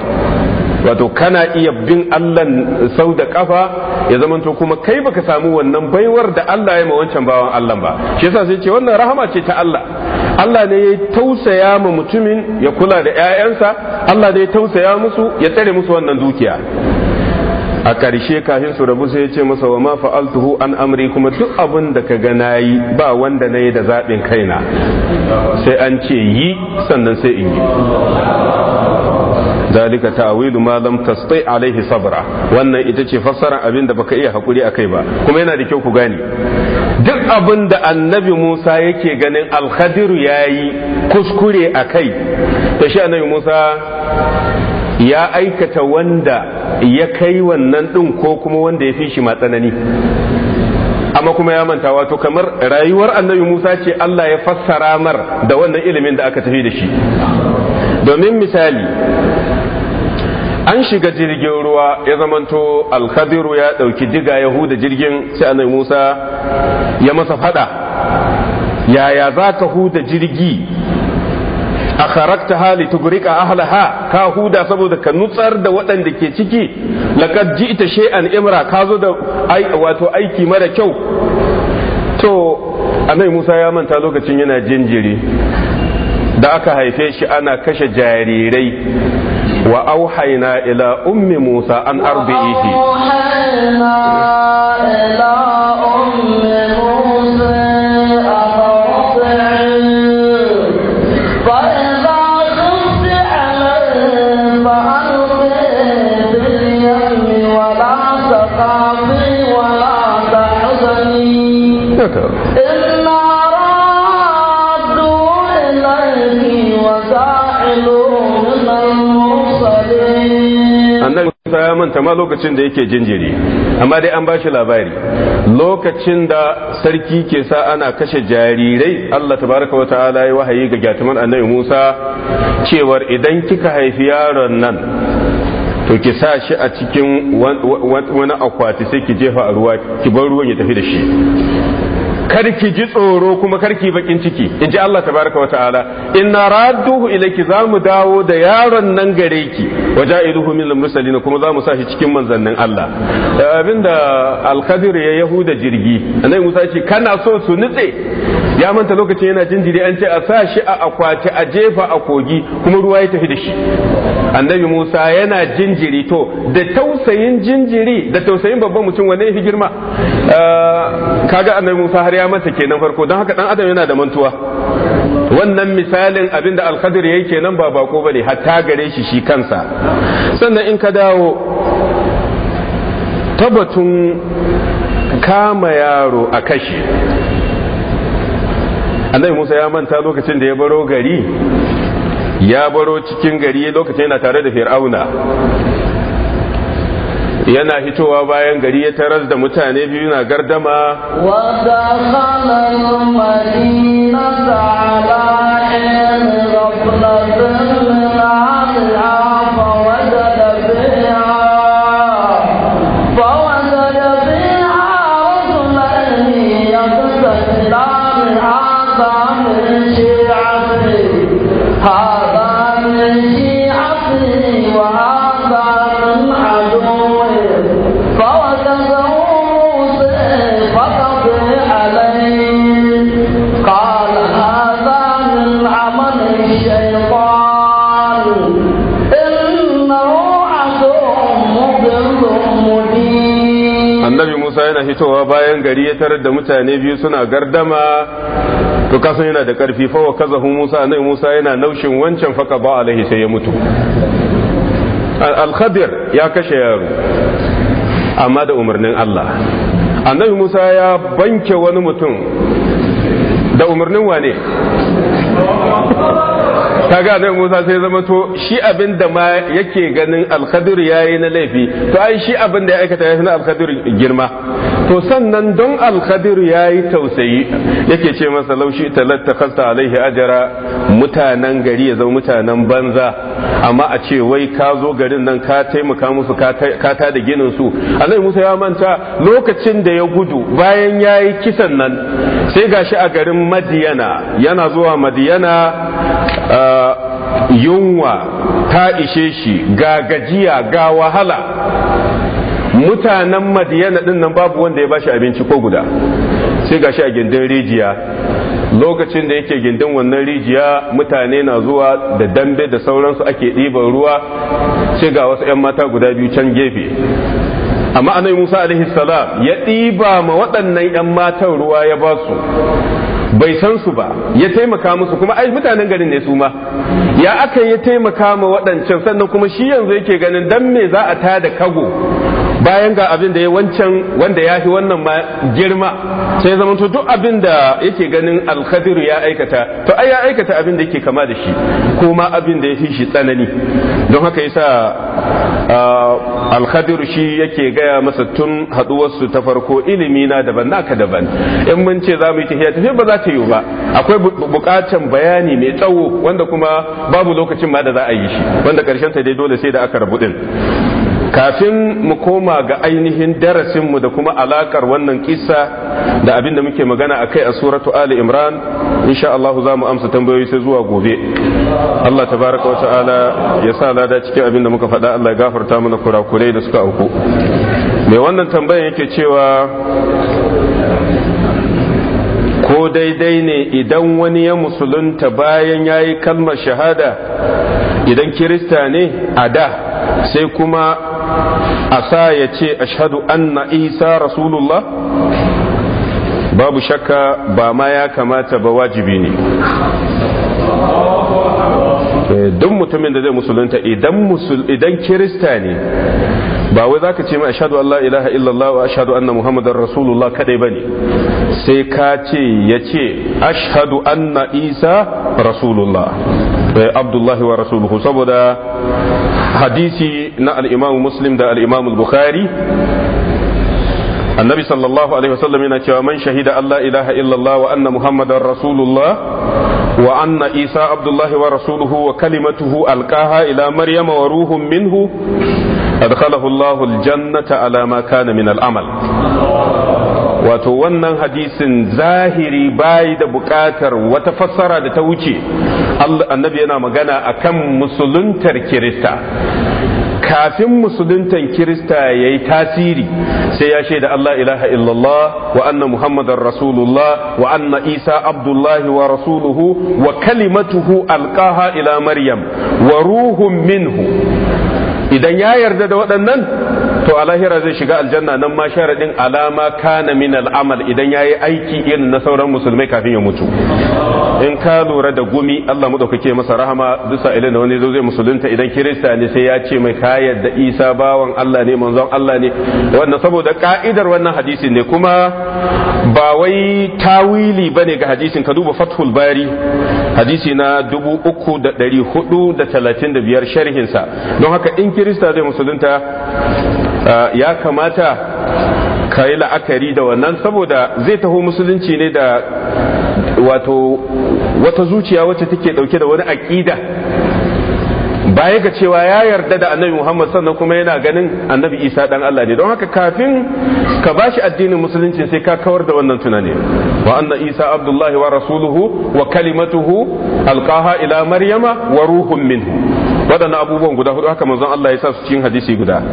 wato kana iya bin Allah sau da kafa ya zama to kuma kai baka samu wannan baiwar da Allah ya ma wancan bawan Allah ba shi yasa sai ce wannan rahama ce ta Allah Allah ne ya tausaya ma mutumin ya kula da 'ya'yansa Allah ne ya tausaya musu ya tsare musu wannan dukiya a ƙarshe kafin su rabu sai ya ce masa wa ma fa'altuhu an amri kuma duk abin da ka ga yi ba wanda na yi da zaɓin kaina sai an ce yi sannan sai in yi zalika ta'wilu ma lam tastai alaihi sabra wannan ita ce fassara abin da baka iya hakuri kai ba kuma yana da kyau ku gane duk abin da annabi Musa yake ganin ya yayi kuskure akai to shi annabi Musa ya aikata wanda ya kai wannan ɗin ko kuma wanda ya fi shi matsanani amma kuma ya manta wato kamar rayuwar annabi musa ce allah ya fassara mar da wannan ilimin da aka tafi da shi domin misali an shiga jirgin ruwa ya zamanto alkhadiru ya ɗauki diga yahuda jirgin sai annabi musa ya masa fada yaya za ka huda jirgi a akharakta hali tugrika ahlaha ka huda saboda ka nutsar da waɗanda ke ciki laqad ji'ta shay'an imra ka zo da wato aiki mara kyau to annabi Musa ya manta lokacin yana jinjiri da aka haife shi ana kashe jarirai wa auhaina ila ummi Musa an arbi'ihi karanta ma lokacin da yake jinjiri amma dai an bashi labari lokacin da sarki ke sa ana kashe jarirai Allah tabaraka wa ta'ala ya wahayi ga gyatuman annabi Musa cewar idan kika haifi yaron nan to ki sa shi a cikin wani akwati sai ki jefa a ruwa ki bar ruwan ya tafi da shi karki ji tsoro kuma karki bakin ciki in ji Allah tabaraka wa ta'ala inna radduhu ilayki za mu dawo da yaron nan gare ki waja'iduhu min al-mursalin kuma za mu sa shi cikin manzannin Allah abinda al-qadir ya yahuda jirgi annabi Musa ce kana so su nutse? ya manta lokacin yana jin jiri an ce a sa shi a akwati a jefa a kogi kuma ruwa ya tafi da shi annabi Musa yana jinjiri to da tausayin jinjiri da tausayin babban mutum wanne ya fi girma eh, kaga annabi Musa har ya mata kenan farko don haka dan adam yana da mantuwa wannan misalin abin da alkadir yayi kenan ba bako ba ne hatta gare shi shi kansa sannan in ka dawo tabbatun kama yaro a kashe annabi musa ya manta lokacin da ya baro gari ya baro cikin gari lokacin yana tare da fir'auna yana hitowa bayan gari ya taras da mutane biyu na gardama wadda fitowa bayan gari ya tarar da mutane biyu suna gardama to kasan yana da karfi fa wa hu Musa nai Musa yana naushin wancan faka ba alaihi sai ya mutu al-khadir ya kashe yaro amma da umarnin Allah annabi Musa ya banke wani mutum da umarnin wane kaga nan Musa sai zama to shi abin da ma yake ganin alkhadir yayi na laifi to ai shi abin da ya aikata ya na alkhadir girma to sannan don alkhadir ya yi tausayi yake ce masa laushi talatta kasta alaihi ajara mutanen gari ya zama mutanen banza amma a ce wai ka zo garin nan ka taimaka musu ka ta da ginin su alai musa ya manta lokacin da ya gudu bayan ya yi kisan nan sai gashi a garin madiyana yana zuwa madiyana yunwa ta ishe shi ga gajiya ga wahala mutanen madiyana din nan babu wanda ya bashi abinci ko guda sai gashi a gindin rijiya lokacin da yake gindin wannan rijiya mutane na zuwa da dambe da sauransu ake ɗiban ruwa sai ga wasu 'yan mata guda biyu can gefe amma anai musa alaihi salam ya ɗiba ma waɗannan 'yan matan ruwa ya ba su bai san su ba ya taimaka musu kuma ai mutanen garin ne su ma ya aka ya taimaka ma waɗancan sannan kuma shi yanzu yake ganin dan me za a tada kago bayan ga abin da ya wancan wanda ya fi wannan ma girma sai zama to duk abin da yake ganin alkhadiru ya aikata to ai ya aikata abin da yake kama da shi ko ma abin da ya fi shi tsanani don haka yasa alkhadiru shi yake gaya masa tun haduwarsu ta farko ilimi na daban naka daban in mun ce za mu yi tafiya tafiya ba za ta yi ba akwai bukatan bayani mai tsawo wanda kuma babu lokacin ma da za a yi shi wanda karshen ta dai dole sai da aka rabu din kafin mu koma ga ainihin darasinmu da kuma alakar wannan kisa da abin da muke magana a kai a suratu ali imran insha Allah za mu amsa tambayoyi sai zuwa gobe Allah wa ta'ala ya sa lada cikin abin da muka faɗa Allah ya gafarta mana kurakurai da suka auku mai wannan tambayan yake cewa ko daidai ne idan wani ya musulunta bayan ya yi kalmar shahada idan kirista ne a da sai kuma a sa ya ce ashadu anna isa rasulullah babu shakka ba ma ya kamata ba wajibi ne eh, duk mutumin da zai musulunta idan kirista ne ba wai zaka ce mai ashadu an la ilaha illallah wa ashadu anna muhammadar rasulullah kadai bane sai ka ce yace ashadu anna isa rasulullah eh, abdullahi wa rasuluhu saboda hadisi na al'imamu muslim da al'imamu imam bukhari annabi sallallahu alaihi wasallam yana cewa man shahida Allah ilaha illallah wa anna muhammadar rasulullah wa anna isa abdullahi wa rasuluhu wa kalimatuhu alqaha ila maryama wa ruhun minhu adkhalahu Allahu aljannata ala ma al'amal wato wannan hadisin zahiri bai da bukatar wata fassara da ta wuce annabi yana magana akan musuluntar kirista kafin musuluntan kirista ya yi tasiri sai ya shaida Allah ilaha illallah wa anna muhammadar rasulullah wa anna isa abdullahi wa rasuluhu wa kalimatuhu alqaha ila maryam wa ruhun minhu idan ya yarda da waɗannan to a lahira zai shiga aljanna nan ma sharadin alama kana min al'amal idan yayi aiki irin na sauran musulmai kafin ya mutu in ka lura da gumi Allah mu dauke masa rahama duk ilin da wani zo zai musulunta idan kirista ne sai ya ce mai ka da Isa bawan Allah ne manzon Allah ne wannan saboda ka'idar wannan hadisin ne kuma ba wai tawili bane ga hadisin ka duba Fathul Bari hadisi na 3435 sa don haka in kirista zai musulunta Eh, ya kamata ka yi la'akari da wannan saboda zai taho musulunci ne da wato wata zuciya wacce take dauke da wani aƙida baya ga cewa ya yarda da annabi Muhammad sannan kuma yana ganin annabi Isa dan Allah ne don haka kafin ka bashi addinin musulunci sai ka kawar da wannan tunani wa anna Isa Abdullahi wa rasuluhu wa kalimatuhu alqaha ila Maryama wa ruhun minhu wadannan abubuwan guda hudu haka manzon Allah ya sa su cikin hadisi guda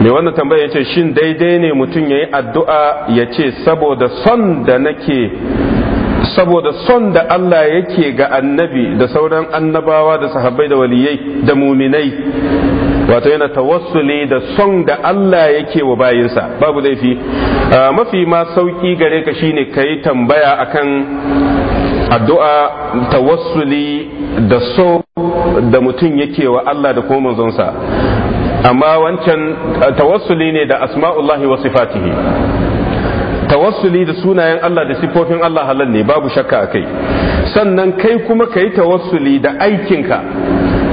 mai wannan tambaya ya ce shin daidai ne mutum ya yi addu'a ya ce saboda son da nake saboda son da Allah yake ga annabi da sauran annabawa da sahabbai da waliyai da muminai wato yana tawassuli da son da Allah yake wa bayinsa babu laifi ah, mafi ma sauki gare ka shine ka yi tambaya akan addu'a tawassuli da so da mutum yake wa Allah da kuma manzonsa amma wancan tawassuli ne da asma'ullahi wa sifatihi tawassuli da sunayen Allah da sifofin Allah halal ne babu shakka a kai sannan kai kuma ka yi tawassuli da aikinka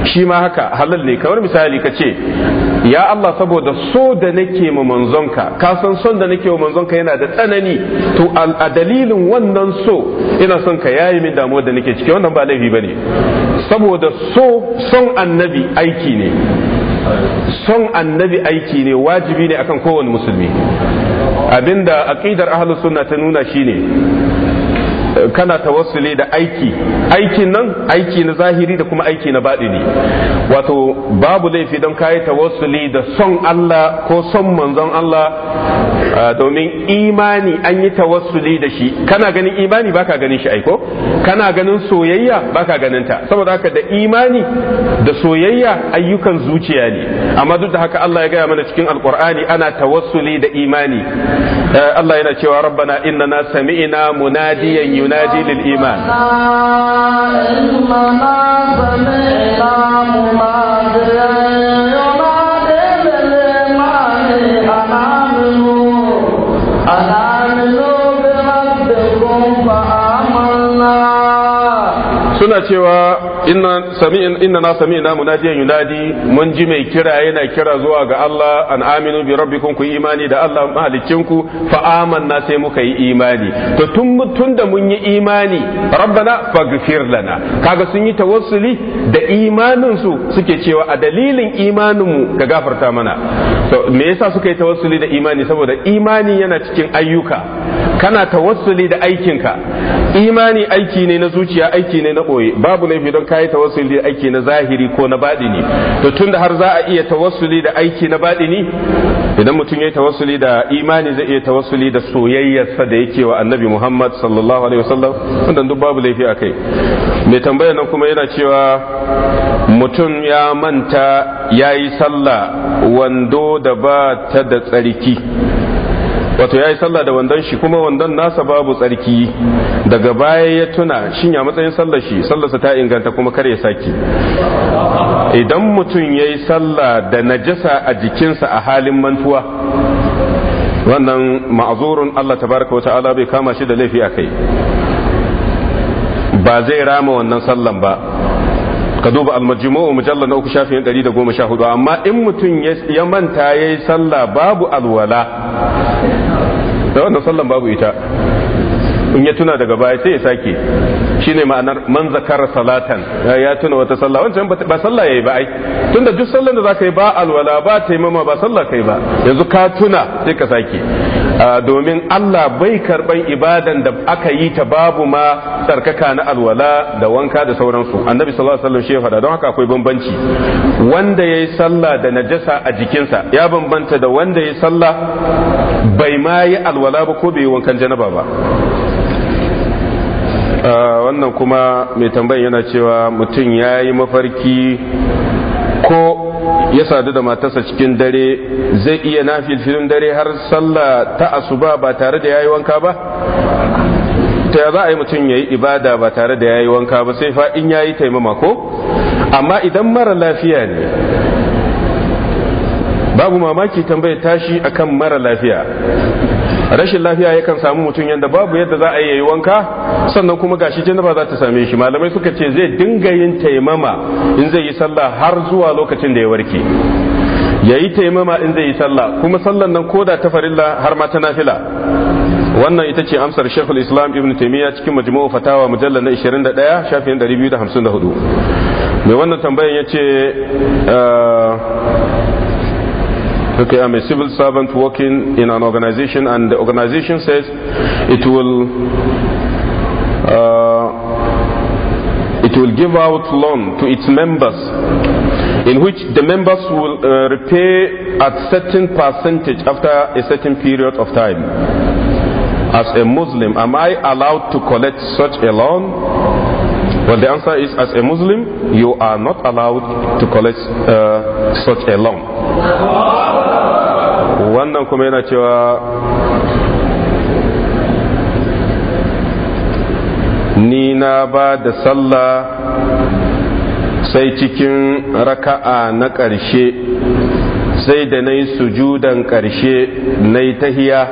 shi ma haka halal ne kamar misali ka ce ya Allah saboda so da nake ma manzonka ka san son da nake wa manzonka yana da tsanani to a dalilin wannan so ina son ka yayi min damuwa da nake ciki wannan ba laifi bane saboda so son annabi aiki ne son annabi aiki ne wajibi ne akan kowane musulmi abinda aqidar ahlus sunna ta nuna shine kana tawassuli da aiki aikin nan aiki na zahiri da kuma aiki na baɗini wato babu laifi don kayi tawassuli da son Allah ko son manzon Allah domin imani an yi tawassuli da shi kana ganin imani baka ganin shi aiko kana ganin soyayya baka ganin ta saboda haka da imani da soyayya ayyukan zuciya ne amma duk da haka Allah ya gaya mana cikin alkur'ani ana tawassuli da imani eh, Allah yana cewa rabbana innana sami'na munadiyan ينادي للإيمان suna cewa inna na sami'na munadiyan yunadi mun ji mai kira yana kira zuwa ga Allah an aminu bi rabbikum ku imani da Allah mahalikinku fa amanna sai muka yi imani to tun mutun da mun yi imani rabbana faghfir lana kaga sun yi tawassuli da imanin su suke cewa a dalilin imanin mu ka gafarta mana to me yasa suka yi tawassuli da imani saboda imani yana cikin ayyuka kana tawassuli da aikinka imani aiki ne na zuciya aiki ne na boye babu laifi don kayi tawassuli da aiki na zahiri ko na badini to tun da har za a iya tawassuli da aiki na badini idan mutum ya yi tawassuli da imani zai iya tawassuli da soyayyarsa da yake wa annabi Muhammad sallallahu alaihi wasallam wanda duk babu laifi a kai. mai tambaya nan kuma yana cewa mutum ya manta ya yi sallah wando da ba ta da tsarki wato ya yi sallah da wandon shi kuma wandon nasa babu tsarki daga baya ya tuna shin ya matsayin sallar shi sallarsa ta inganta kuma kar ya saki idan mutum ya yi sallah da najasa a jikinsa a halin mantuwa wannan ma'azurun Allah tabaraka wa ta'ala bai kama shi da laifi a kai ba zai rama wannan sallan ba ka duba a mujallal na uku shafin 114 amma in mutum ya manta ya yi sallah babu alwala da wannan sallan babu ita in ya tuna daga baya sai ya sake shine ma'anar man zakara salatan ya tuna wata sallah wancan ba sallah yi ba ai tunda duk sallar da zaka yi ba alwala ba taimama ba sallah kai ba yanzu ka tuna sai ka sake domin Allah bai karban ibadan da aka yi ta babu ma tsarkaka na alwala da wanka da sauransu annabi sallallahu alaihi wasallam shi faɗa don haka akwai bambanci wanda yayi sallah da najasa a jikinsa ya bambanta da wanda yayi sallah bai ma yi alwala ba ko bai yi wankan janaba ba Ah, wannan kuma mai tambayin yana cewa mutum ya yi mafarki ko ya sadu da matarsa cikin dare zai iya nafi dare har sallah ta asu ba tare da ya yi wanka ba ta ya za a yi mutum ya yi ibada ba tare da ya yi wanka ba sai fa in yi taimama ko amma idan mara lafiya ne babu mamaki tambayar tashi akan mara lafiya rashin lafiya yakan samu mutum yadda babu yadda za a yi wanka sannan kuma gashi ba za ta same shi malamai suka ce zai dinga yin taimama in zai yi sallah har zuwa lokacin da ya warke ya yi taimama in zai yi sallah kuma sallan nan koda ta farilla har ma ta nafila wannan ita ce amsar shekul islam ibn taimiyya cikin majmu'u fatawa mujallar na 21 shafin 254 mai wannan tambayan ya ce ah, Okay, I'm a civil servant working in an organization, and the organization says it will uh, it will give out loan to its members, in which the members will uh, repay at certain percentage after a certain period of time. As a Muslim, am I allowed to collect such a loan? Well, the answer is as a Muslim, you are not allowed to collect uh, such a loan. wannan kuma yana cewa ni na ba da sallah sai cikin raka'a na ƙarshe sai da na yi sujudan ƙarshe na yi tahiya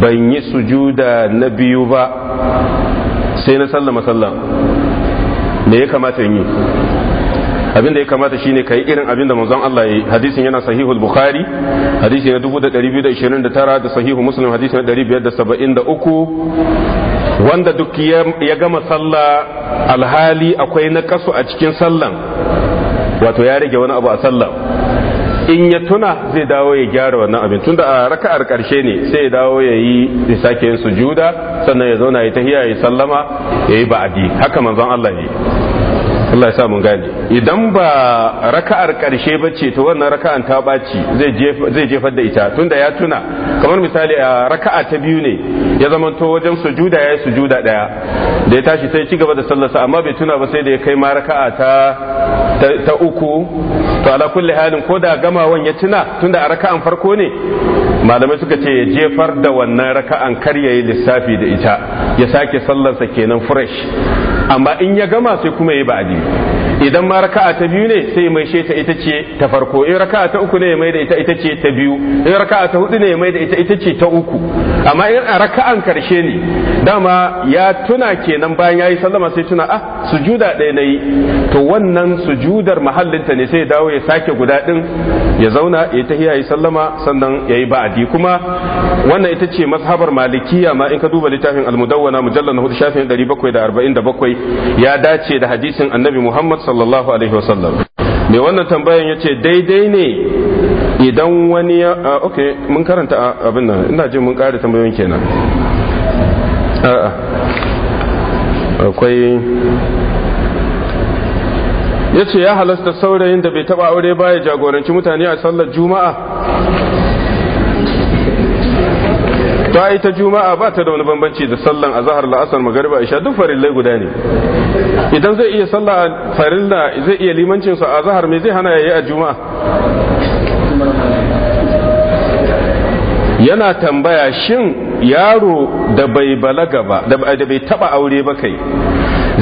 ban yi sujuda na biyu ba sai na sallama sallah me ya kamata yi abin da ya kamata shine kai irin abin da manzon Allah yi hadisin yana sahihul bukhari hadisi na 2229 da sahihu muslim hadisi na 573 wanda duk ya gama sallah alhali akwai na kasu a cikin sallan wato ya rage wani abu a sallan in ya tuna zai dawo ya gyara wannan abin tunda a raka'ar karshe ne sai ya dawo ya yi ya sake yin sujuda sannan ya zauna ya tahiya ya sallama ya yi ba'adi haka manzon Allah ne Allah ya sa mun gane idan ba raka'ar karshe bace to wannan raka'an ta baci zai zai jefar da ita tunda ya tuna kamar misali a raka'a ta biyu ne ya zamanto wajen sujuda yayi sujuda daya da ya tashi sai cigaba da sallarsa amma bai tuna ba sai da ya kai ma raka'a ta ta uku to ala kulli halin ko da gamawan ya tuna tunda a raka'an farko ne malamai suka ce ya jefar da wannan raka'an kar yayi lissafi da ita ya sake sallarsa kenan fresh amma in ya gama sai kuma ya ba'adi idan ma raka'a ta biyu ne sai mai ta ita ce ta farko in raka'a ta uku ne mai da ita ita ce ta biyu in raka'a ta hudu ne mai da ita ita ce ta uku amma in a raka'an karshe ne dama ya tuna kenan bayan yayi sallama sai tuna ah sujuda ɗaya nayi to wannan sujudar mahallinta ne sai ya dawo ya sake guda din ya zauna ya ta yi sallama sannan yayi ba'adi kuma wannan ita ce mazhabar malikiya ma in ka duba littafin al-mudawwana mujallal na hudu shafin 747 ya dace da hadisin annabi Muhammad sallallahu alaihi wasallam me wannan tambayan ya ce daidai ne idan wani ya a ah, ok mun karanta ah, abin nan ina jin mun kare tambayoyin kenan a'a ah, akwai ya ce ya halasta saurayin da bai taba aure ba ya jagoranci mutane a sallar juma'a to yi ta juma'a ba ta da wani bambanci da sallan zahar la'asar magariba isha duk farillai guda ne idan zai iya sallah farilla zai iya limancin sa zahar me zai hana yayi a juma'a yana tambaya shin yaro da bai balaga ba da bai taba aure ba kai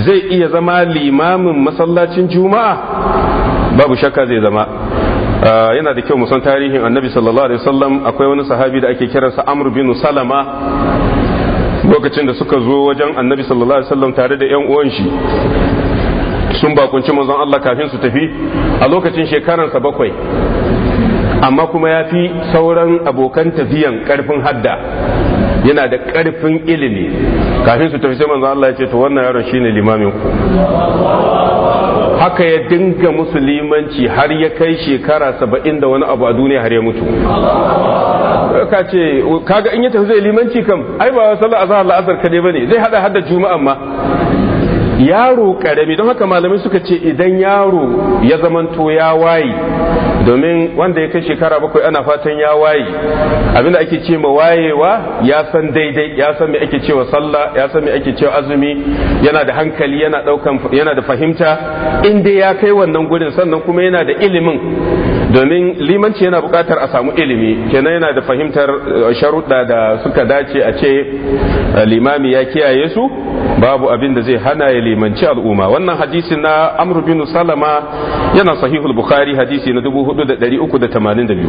zai iya zama limamin masallacin juma'a babu shakka zai zama Ah, yana da kyau musan tarihin annabi sallallahu alaihi wasallam akwai wani sahabi da ake kiransa amr bin salama lokacin da suka zo wajen annabi sallallahu alaihi wasallam tare da yan uwan shi sun bakunci manzon Allah kafin su tafi a lokacin shekararsa bakwai amma kuma ya fi sauran abokan tafiyan karfin hadda yana da karfin ilimi kafin su tafi sai manzon Allah ya ce to wannan yaron shine limamin ku haka ya dinga musulmanci har ya kai shekara saba'in da wani abu a duniya har ya mutu ka ce kaga in ya tafi zai limanci kam ai ba sallar la'azar la'asar kadai ne zai hada hada juma'an ma yaro karami don haka malamai suka ce idan yaro ya zamanto ya waye domin wanda ya kai shekara bakwai ana fatan ya waye abinda ake ce ma wayewa ya san daidai ya san me ake cewa sallah ya san me ake cewa azumi yana da hankali yana yana da fahimta in ya kai wannan gurin sannan kuma yana da ilimin domin limanci yana bukatar a samu ilimi kenan yana da fahimtar eh, sharuɗa da suka dace a ce eh, limami ya kiyaye su babu abin da zai hana ya limanci al'umma wannan hadisi na amru bin salama yana sahihul bukhari hadisi na 4382